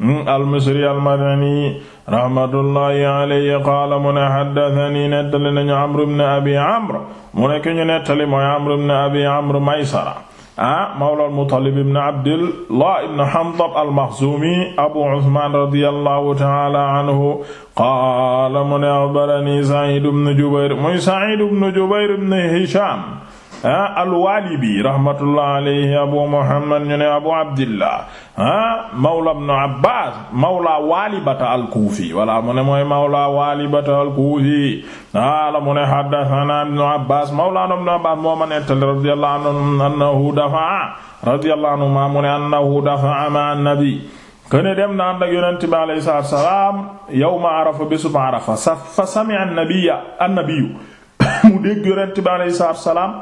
hmm, almisri almadani rahmatullahi alayhi qaala mu ne xaddatani nettale nañ amr ibnu abi amr mu ne ki ñu nettali mooy amr ibnu abi amr maysara ah mawla al-Muttalib ibn Abdillah ibn Handab al-Makhzumi Abu Uthman radiyallahu ta'ala anhu qaala mu ne akhbarani Sa'id ibn Jubayr muy Sa'id ibn Jubayr ibn Hisham ah alwaalibi rahmatullah alayhi abu muhammad ñu ne abu abdillah ah mawla ibn abbas mawla walibata alkuufi wala mu ne mooy mawla walibata alkuufi ala mu ne haddathana ibn abbas mawla ibn abbas moo ma nettali radiyallahu anhu annahu dafa radiyallahu anhu ma mu ne annahu dafa ma annabi kene dem na ànd ak yonente bi alayhi salaatu salaam yawma arafa bésub arafa fa sami'a an-nabiyya an-nabiyyu mu dégg yonente bi alayhi salaatu salaam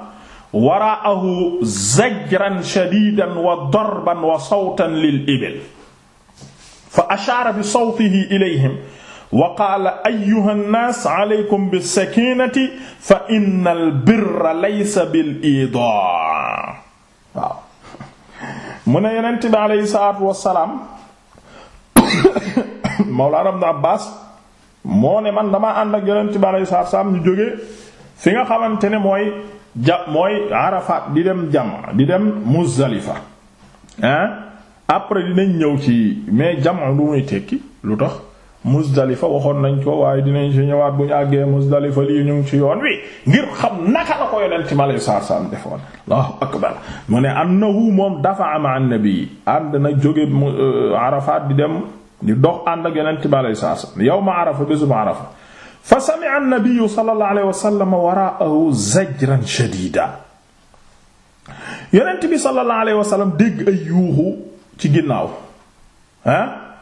waraahu zajran shadidan wa darban wa sawtan lil ibil fa ashaara bi sawtihi ilayhim wa qaala ayyuha nnaas alaykum bis-sakiinati fa innal birra laysa bil-iidaa' waaw mu ne yonent bi aleyhi salaatu wa salaam Mawlaana Ibn Abbaas moo ne man damaa ànd ak yonent bi aleyhi salaatu wa salaam ñu jóge fi nga xamante ne mooy. ja mooy Arafat di dem jam di dem Muzdalifa hein après di nañ ñëw ci mais jam lu muy tekki lu tax Muzdalifa waxoon nañ ko waaye dinañ ci ñëwaat bu ñu àggee Muzdalifa lii ñu ngi ci yoon wi ngir xam naka la ko yonent ma lay saar saam defoon Allahu akbar mu ne annahu moom dafa am annabi ànd na jóge euh, Arafat di dem di dox ànd ak yonent ma lay saar yow ma Arafa bésuma Arafa fa sami'a an-nabiyyu sallallahu alayhi wa sallam zajran shadiidan yonent bi sallallahu alayhi dégg ay yuuxu ci ginnaaw ah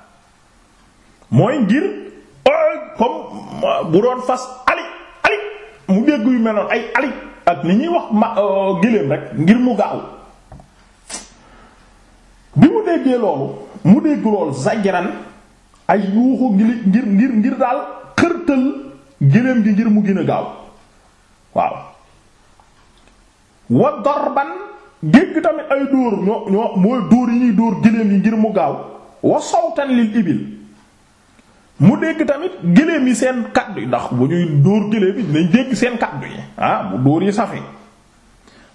mooy ngir oh, comme bu doon fas ali ali mu dégg yu mel ay ali ak ni ñuy wax ma euh, rek ngir mu gaaw bi mu déggee loolu mu dégg loolu zajran ay yuuxu ngir ngir ngir ngir daal xërtal gëléem gi ngir mu gën a gaaw waaw wa darban dégg tamit ay dóor ñoo ñoo mooy dóor yi dóor gëléem yi ngir mu gaaw wa sawtan lil ibil mu dégg tamit gëléem yi seen kaddu yi ndax bu ñuy dóor gëléem yi dinañ dégg seen kaddu yi ah dóor yi safe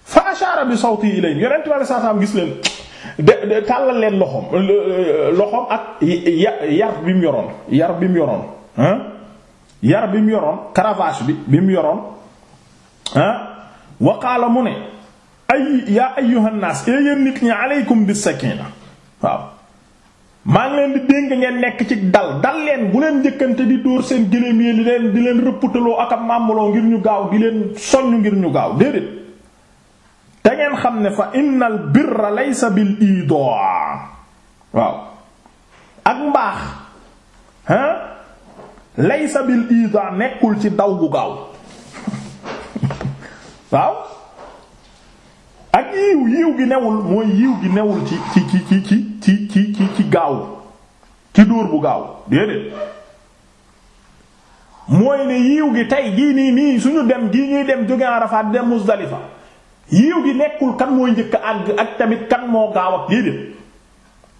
fa ashara bi sawti ilayhi yonent bi saa saam gis leen de de tàllal leen loxoom loxoom ak yar bi mu yoroon yar bi yoroon yar bi mu yoroon cravache bi bi mu yoroon ah waqaala mu ne ay yaa ayyuhan naas yéen nit ñi aleykum bis sakina waaw maa ngi leen di dénk ngeen nekk ci dal dal leen bu leen njëkkante di dóor seen gëléem yi di leen di leen rëppataloo ak ñu gaaw di leen soññ ngir ñu gaaw déedéet ngeen xam ne fa innal birra laysa bil idaa waaw mbaax ah, laysa bil isa nekkul ci daw bu gaaw waaw ak yiiw yiiw gi newul mooy yiiw gi newul ci ci ci ci ci ci ci gaaw ci dóor bu gaaw déedéet mooy ne yiiw gi tey gii nii nii suñu dem gii ñuy dem jóge Arafat dem Muzdalifa yiiw gi nekkul kan mooy njëkk àgg ak tamit kan moo gaaw ak déedéet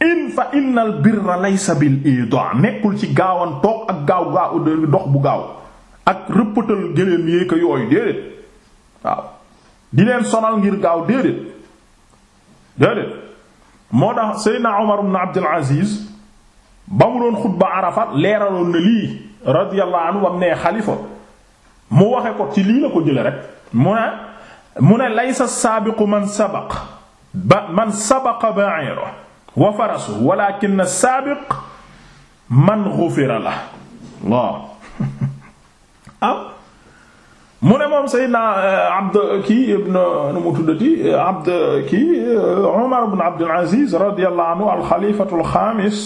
in fa innal birra laysa bil idaa nekkul ci gaawan ak gaaw gaaw dox bu gaaw ak rëppatal géléem yéeka yooyu déedéet waaw di leen sonal ngir gaaw déedéet déedéet moo tax seydna Umar ibn Abdul Aziz ba mu doon xutba Arafa leeraloon na lii radiyallahu anhu nee xalifa mu waxe ko ci lii la ko jële rek mu ne mu ne laysa saabiqu man sabaq ba man sabaqa ba'iruhu wa farasu walakin as-sabiq man ghufira la waaw am ah. mu ne moom Seydina eh, Abd kii ibn nu mu tuddati eh, Abd kii Umar eh, ibn Abd al-Aziz radiyallahu anhu al-xalifatu al-xaamis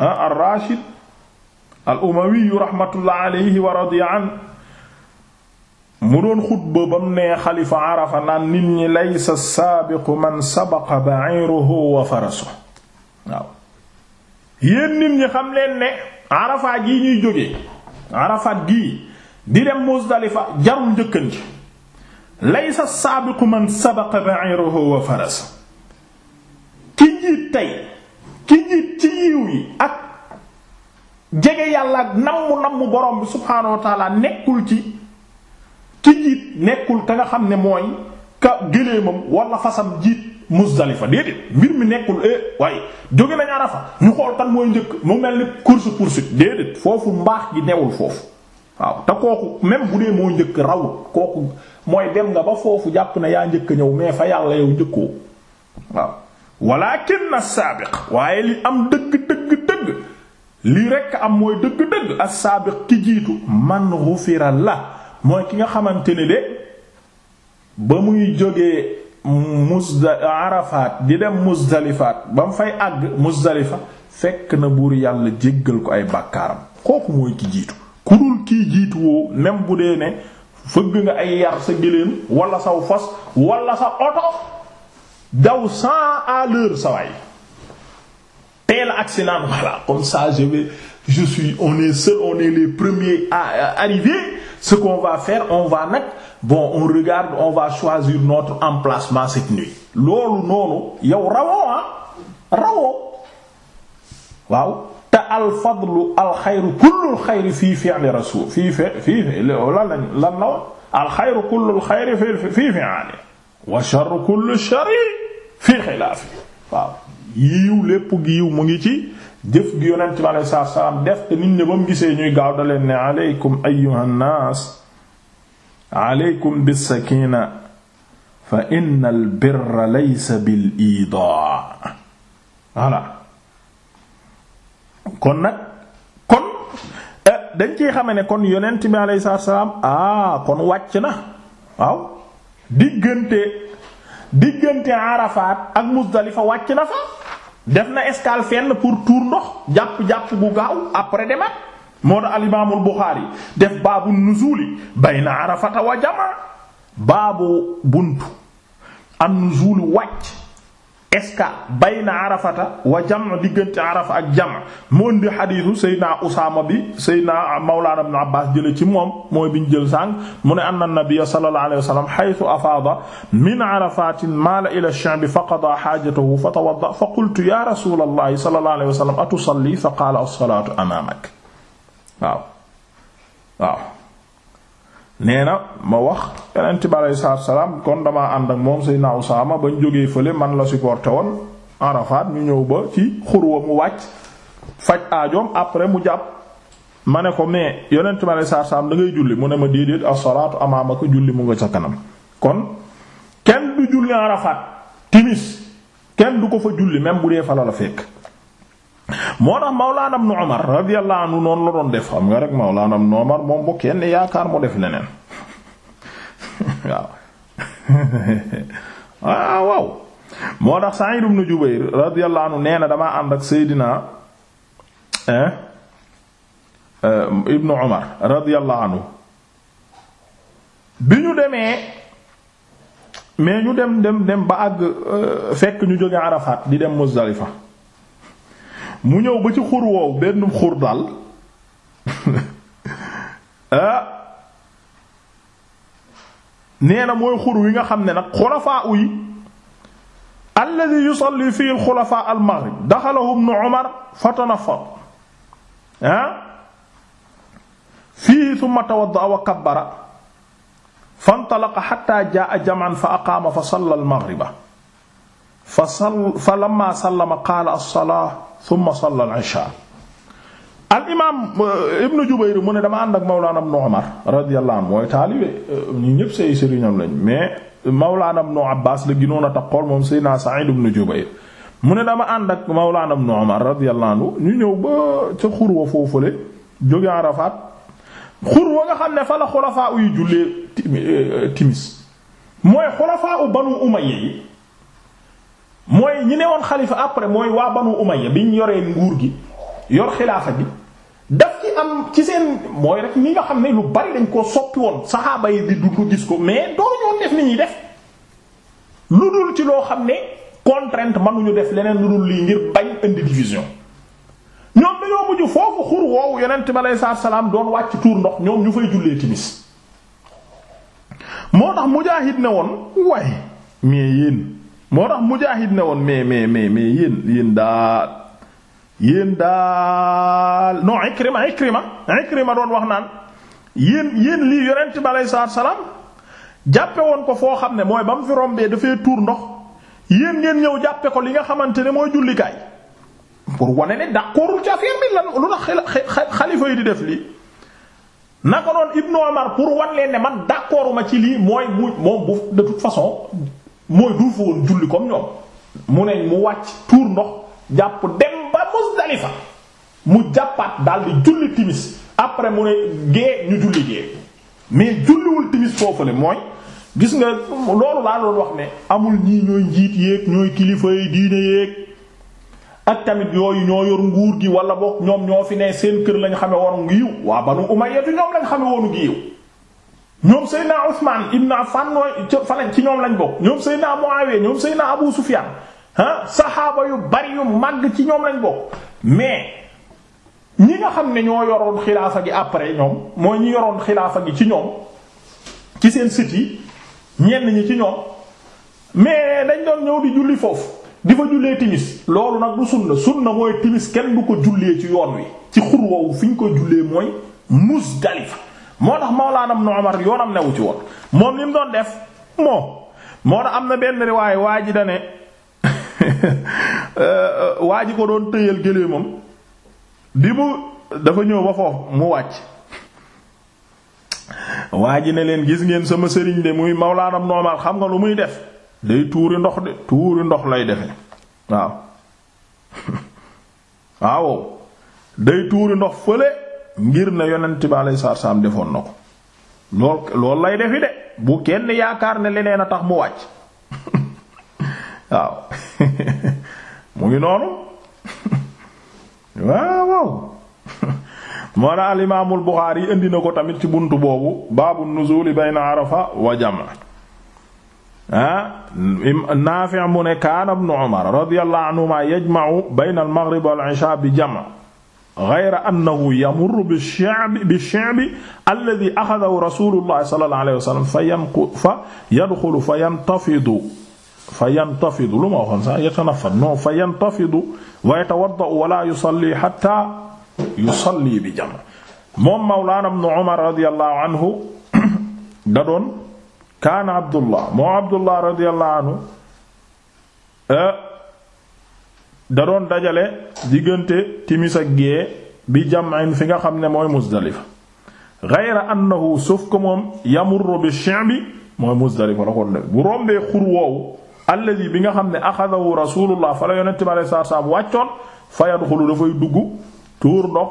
ar-Rashid ah, al-Umawi rahmatullahi alayhi wa radiya anhu mu doon xutba ba mu nee xalifa Arafa naan nit ñi laysa as-saabiqu man sabaqa ba'iruhu wa farasuhu waaw yéen nit ñi xam leen ne Arafat gii ñuy jóge Arafat gii di dem Muzdalifa jarul njëkkan ci laysa saabiqu man sabaqa ba'iruhu wa faras ki jiit tey ki jiit ci yiw yi ak jege yàlla ak nammu nammu borom bi subhaanahu nekkul ci ki jiit nekkul te nga xam ne mooy ka géléemam wala fasam jiit Muzdalifa déedéet mbir mi nekkul eh waaye jóge nañ Arafa ñu xool kan mooy njëkk mu mel ni course poursuite déedéet foofu mbaax gi newul foofu waaw te kooku même bu dee moo njëkk rawut kooku mooy dem nga ba foofu jàpp na yaa njëkk ñëw mais fa yàlla yow njëkkoo waaw walakin as-sabiq waaye li am dëgg dëgg dëgg lii rekk am mooy dëgg dëgg as-sabiq ki jiitu man ghufira la mooy ki nga xamante ne de ba muy jógee musda arafaat di dem muzdalifaat ba mu fay àgg muzdalifa fekk na buur yàlla jéggal ko ay bàkkaaram kooku mooy ki jiitu ku kii jiitu woo même bu dee ne fëgg nga ay yar sa géléem wala saw fas wala sa oto daw cent à l'heure sa waay teel agsi naan voilà comme ça je vais je suis on est seul les premiers à ce qu'on va faire on va nag bon on regarde on va choisir notre emplacement cette nuit loolu noonu yow rawoo ah rawoo waaw al fadlu al xayru kullu al xayri fii fi'li rasul fii fi fii lan lan la al xayru kullu al xayri fii fii fi'li wa sharru kullu sharri fii xilaafi waaw yiiw lépp giiw mu ngi ci jëf gi yonent bi alei salaam def te nit ñi ba mu gisee ñuy gaaw da leen ne aleykum ayyuha nnaas aleykum bissakina fa inna al birra laysa bil kon nag kon eh, dañ ciy xame ne kon yonent bi alei salaatu salaam ah kon wàcc na waaw diggante diggante Arafaat ak Muzdalifa wàcc na fa def na escale fenn pour tuur ndox jàpp jàpp gu gaaw après demaat moo tax al imaamul Buxaari def baabu nuzuuli bayna Arafata wa jamaa baabu buntu an wàcc est-ce que bayna arafata wa jam diggante arafa ak jam mu indi xadiisu seydna usaama bi seydna mawlaana ibn abbaas jële ci moom mooy biñ jël sànq mu ne anna nabiyya sallallahu alayhi wa sallam haythu afaada min arafatin maala ila ash-sha'bi fa qadaa haajatahu fa tawadda fa qultu ya rasuulallahi sallallahu alayhi wa sallam atusalli fa qaala as-salaatu amaamak waaw waaw nee na ma wax yonent bi aleyhi salaam kon damaa ànd ak moom Seydina Usaama bañ jógee fële man la supporté woon Arafat ñu ñëw ba ci xurwa mu wàcc après mu jàpp ma ne ko mais yonent bi aleyhi salaatu salaam da ngay julli mu ne ma déedéet as-salaatu amaamaka julli mu nga sa kanam kon kenn du julli Arafat timis kenn du ko fa julli même bu dee fa la fekk. moo tax Mawlaana Ibnu Umar radiyallahu noonu la doon def xam nga rek Mawlaana Ibnu Umar moom bu kenn yaakaar mu def leneen waaw ah, waaw moo tax Sa'id ibn Jubayr radiyallahu nee na dama ànd ak Seydina eh, Ibnu Umar radiyallahu anhu bi ñu demee mais ñu dem dem dem ba àgg euh, fekk ñu jóge Arafat di dem Muzdalifa mu ñëw ba ci xur woow benn xur daal ah. nee na mooy xur wi nga xam ne nag xulafaa uy alladhi yusalli fi al-xulafaa al-maghrib daxalahu ibnu umar fatanaffad ah fiihi thumma tawadda'a wa kabbara fantalaqa hatta jaa'a jam'an fa aqaama fa salla al-maghriba fa sal fa lamma sallama qaala as-salaa thumma salla al-ishaa al imaam euh, Ibn Jubayr mu ne dama ànd ak Mawlaana Ibn Umar radiyallahu anhu mooy taalibe euh, ñun ñëpp say sëriñam lañ mais Mawlaana Ibn Abbaas la ginoon a taxool moom Seydina Sa'iid ibn Jubayr mu ne dama ànd ak Mawlaana Ibn Umar radiyallahu anhu ñu ñëw ba ca xurwa foofule jóge Arafaat xurwa nga xam ne fa xulafaa uy jullee euh, timis mooy xulafaa Banu Umayya mooy ñi ne woon xalifa après mooy waa banu umayya biñ yoree nguur gi yor xilaafa bi daf ci am ci seen mooy rek ni nga xam ne lu bari dañ koo soppi woon saxaaba yi di dund gis ko mais doo ñoon def ni ñuy def lu dul ci loo xam ne contrainte mënuñu def leneen lu dul ngir bañ indi division ñoom dañoo mujj foofu xur woowu yonent bi aleyhi salaatu salaam doon wàcc tuur ndox ñoom ñu fay jullee timis moo tax mujaahid ne woon waaye mais yéen moo tax mujaahid ne woon mais mais mais mais yéen yéen daal yéen daal non Ikrima Ikrima Ikrima doon wax naan yéen yéen lii yonent bi aleyhi salaatu salaam jàppe woon ko foo xam ne mooy ba mu fi rombee dafay tuur ndox yéen ngeen ñëw jàppe ko li nga xamante ne mooy jullikaay pour wane ne d'accordul ci affaire bi lan lu tax xalifa yi di def lii na ko doon Ibnu Omar pour wan leen ne man d'accorduma ci lii mooy bu moom bu de toute façon mooy du fa woon julli comme ñoom mu ne mu wàcc tuur ndox jàpp dem ba Musdalifa mu jàppaat daal di julli timis après mu ne gée ñu julli gée mais julliwul timis ne mooy gis nga loolu laa doon wax ne amul ñii ñooy njiit yéeg ñooy kilifa yi diine yéeg ak tamit yooyu ñoo yor nguur gi wala boog ñoom ñoo fi ne seen kër lañ xame woonu ngi yiw waa Banu Umayya ñoom lañ xame woonu ngi yiw ñoom Seydina Ousmane Ibn fan nooy fanañ ci ñoom lañ bokk ñoom Seydina Muawiya ñoom Seydina Abu Sufyan ah saxaaba yu bari yu màgg ci ñoom lañ bokk mais ñi nga xam ne ñoo yoroon xilaafa gi après ñoom mooy ñi yoroon xilaafa gi ci ñoom ci seen sët yi ñenn ñi ci ñoom mais dañ doon ñëw di julli foofu di fa jullee timis loolu nag du sunna sunna mooy timis kenn du ko jullee ci yoon wi ci xur woowu fi ñu ko jullee mooy Muzdalifa moo tax Mawlaana Ibn Umar yoonam newu ci woon moom li mu doon def moo moo tax am na benn riwaay waa ji da ne waa ji ko doon tëyal géléemam bi mu dafa ñëw ba foofu mu wàcc waa ji ne leen gis ngeen sama sëriñ de muy Mawlaana Ibn Umar xam nga lu muy def day tuuri ndox de tuuri ndox lay defe waaw waaw day tuuri ndox fële ngir ne yonent bi alayhi salaatu salaam defoon na ko lool loolu lay defi de bu kenn yaakaar ne leneen a tax mu wàcc waaw mu ngi noonu waaw waaw moo na al Buxaari indi na ko tamit ci bunt boobu baabu nuzuuli bayna Arafa wa jam ah mu ne kaana ibnu Umar radiyallahu anhumaa yajma'u bayna al-maghrib wal bi jam' ghayra annahu yamurru bish-shi'bi bish-shi'bi alladhi akhadahu rasulullah sallallahu alayhi wa sallam fa yanqu fa yadkhulu fa yantafidu fa yantafidu lu ma waxoon sax yatanafad non fa yantafidu wa yatawadda'u wa la yusalli hatta yusalli bi jam' moom Mawlana ibn Umar radiyallahu anhu da doon kaana Abdullah moo Abdullah radiyallahu anhu eh, da doon dajale diggante timis ak gée bi jam'in fi nga xam ne mooy Muzdalifa ghayra annahu sauf que moom yamurru bi shi'bi mooy Muzdalifa la ko def bu rombee xur woowu alladi bi nga xam ne axadahu rasulullah fa la yonent bi alayhi salaatu salaam wàccoon fa yadxulu dafay dugg tuur ndox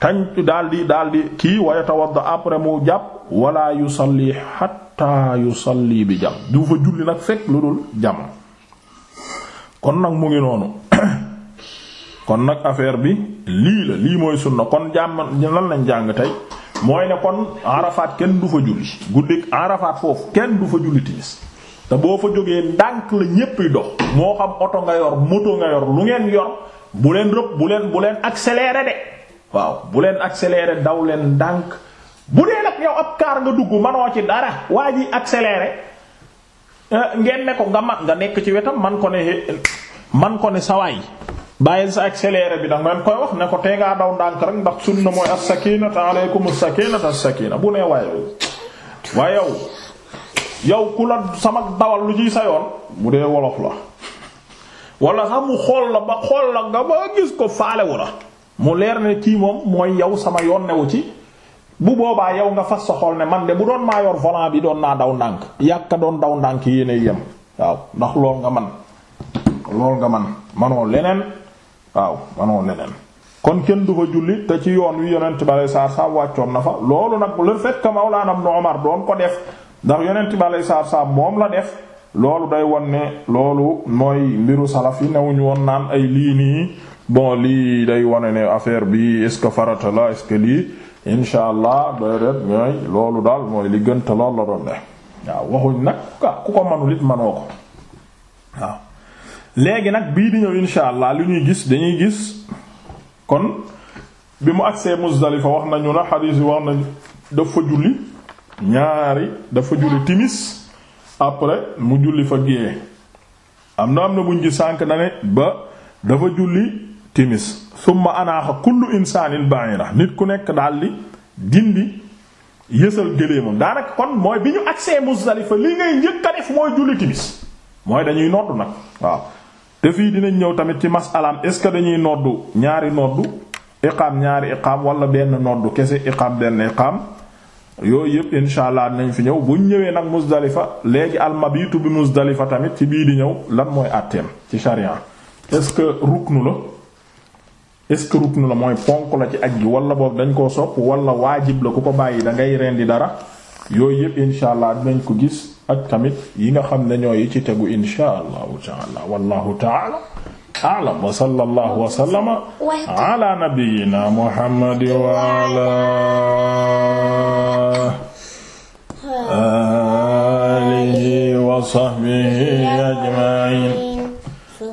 tañ daldi daldi kii wa yatawadda après mu jàpp wala yusalli hatta yusalli bi jam du fa julli nag fekk lu dul jam kon nag mu ngi noonu kon nag affaire bi lii la lii mooy sunna kon jàmm lan lañ jàng tey mooy ne kon Arafat kenn du fa julli guddi Arafat foofu kenn du fa julli timis te boo fa jógee ndànk la ñéppi dox moo xam oto nga yor moto nga yor lu ngeen yor bu leen rëbb bu leen bu leen accélérer de waaw bu leen ak seleere daw leen ndànk bu dee nag yow ab kaar nga dugg manoo ci dara waa ji accélérer Eh, ngeen ne ko nga man nga nekk ci wetam man ko ne man ko ne sawaay bàyyil sa ak accéléré bi da ngeen koy wax ne ko tee ngaa daw ndànk rek ndax sunna mooy as sa alaykum as-sakinata as-sakina bu ne waaye waaye yow yow ku la sama dawal lu ciy sa yoon bu dee wolof la wala sax mu xool la ba xool la nga ba gis ko faalewu la mu leer ne kii moom mooy yow sama yoon newu ci bu boobaa yow nga fas sa xool ne man de bu doon maa yor bi doon naa daw ndànk yàkka doon daw ndànk yéen a yem waaw ndax lool nga man lool nga manoo leneen waaw manoo leneen kon kenn du fa julli te ci yoon wi yonent bi aley saatu salaam wàccoon na fa loolu nag le fait que Mawlaana Ibn doon ko def ndax yonent bi aley saatu moom la def loolu day won ne loolu mooy mbiru salaf yi newuñu woon naan ay lii nii bon lii day wone ne affaire bi est farata la est incha allah béykat mooy loolu daal mooy li gën te loolu la doon de waaw waxuñ nag ah ku ko manul it manoo ko waaw léegi nag bii di ñëw incha li ñuy gis dañuy gis kon bi mu agsee Muzdalifa wax nañu na xadiis yi wax nañu dafa julli ñaari dafa julli timis après mu julli fa géeyee am na am na buñ gis sànq na ne ba dafa julli. timis summa anaaxa kullu insaanin ba'ira nit ku nekk daldi dindi yësal géléemam daanaka kon mooy bi ñu agsee Muzdalifa li ngay njëkk a def mooy julli timis mooy dañuy noddu nag waaw te fii dinañ ñëw tamit ci masalaam est-ce que dañuy noddu ñaari noddu iqaam ñaari iqaam wala benn noddu kese iqaam benn iqaam yooyu yëpp insha allah nañ fi ñëw buñ ñëwee nag Muzdalifa léegi almabitu bi Muzdalifa tamit ci biir di ñëw lan mooy àtteem ci sharia est-ce que la est-ce que ruknu la mooy ponk la ci aj gi wala boobu dañ koo sopp wala waajib la ku ko bàyyi da ngay rendi dara yooyu yëpp insha allah dinañ ko gis ak tamit yi nga xam ne ñooy ci tegu insha allahu taala wallahu taala a'lam wa sallallahu wa sallama ala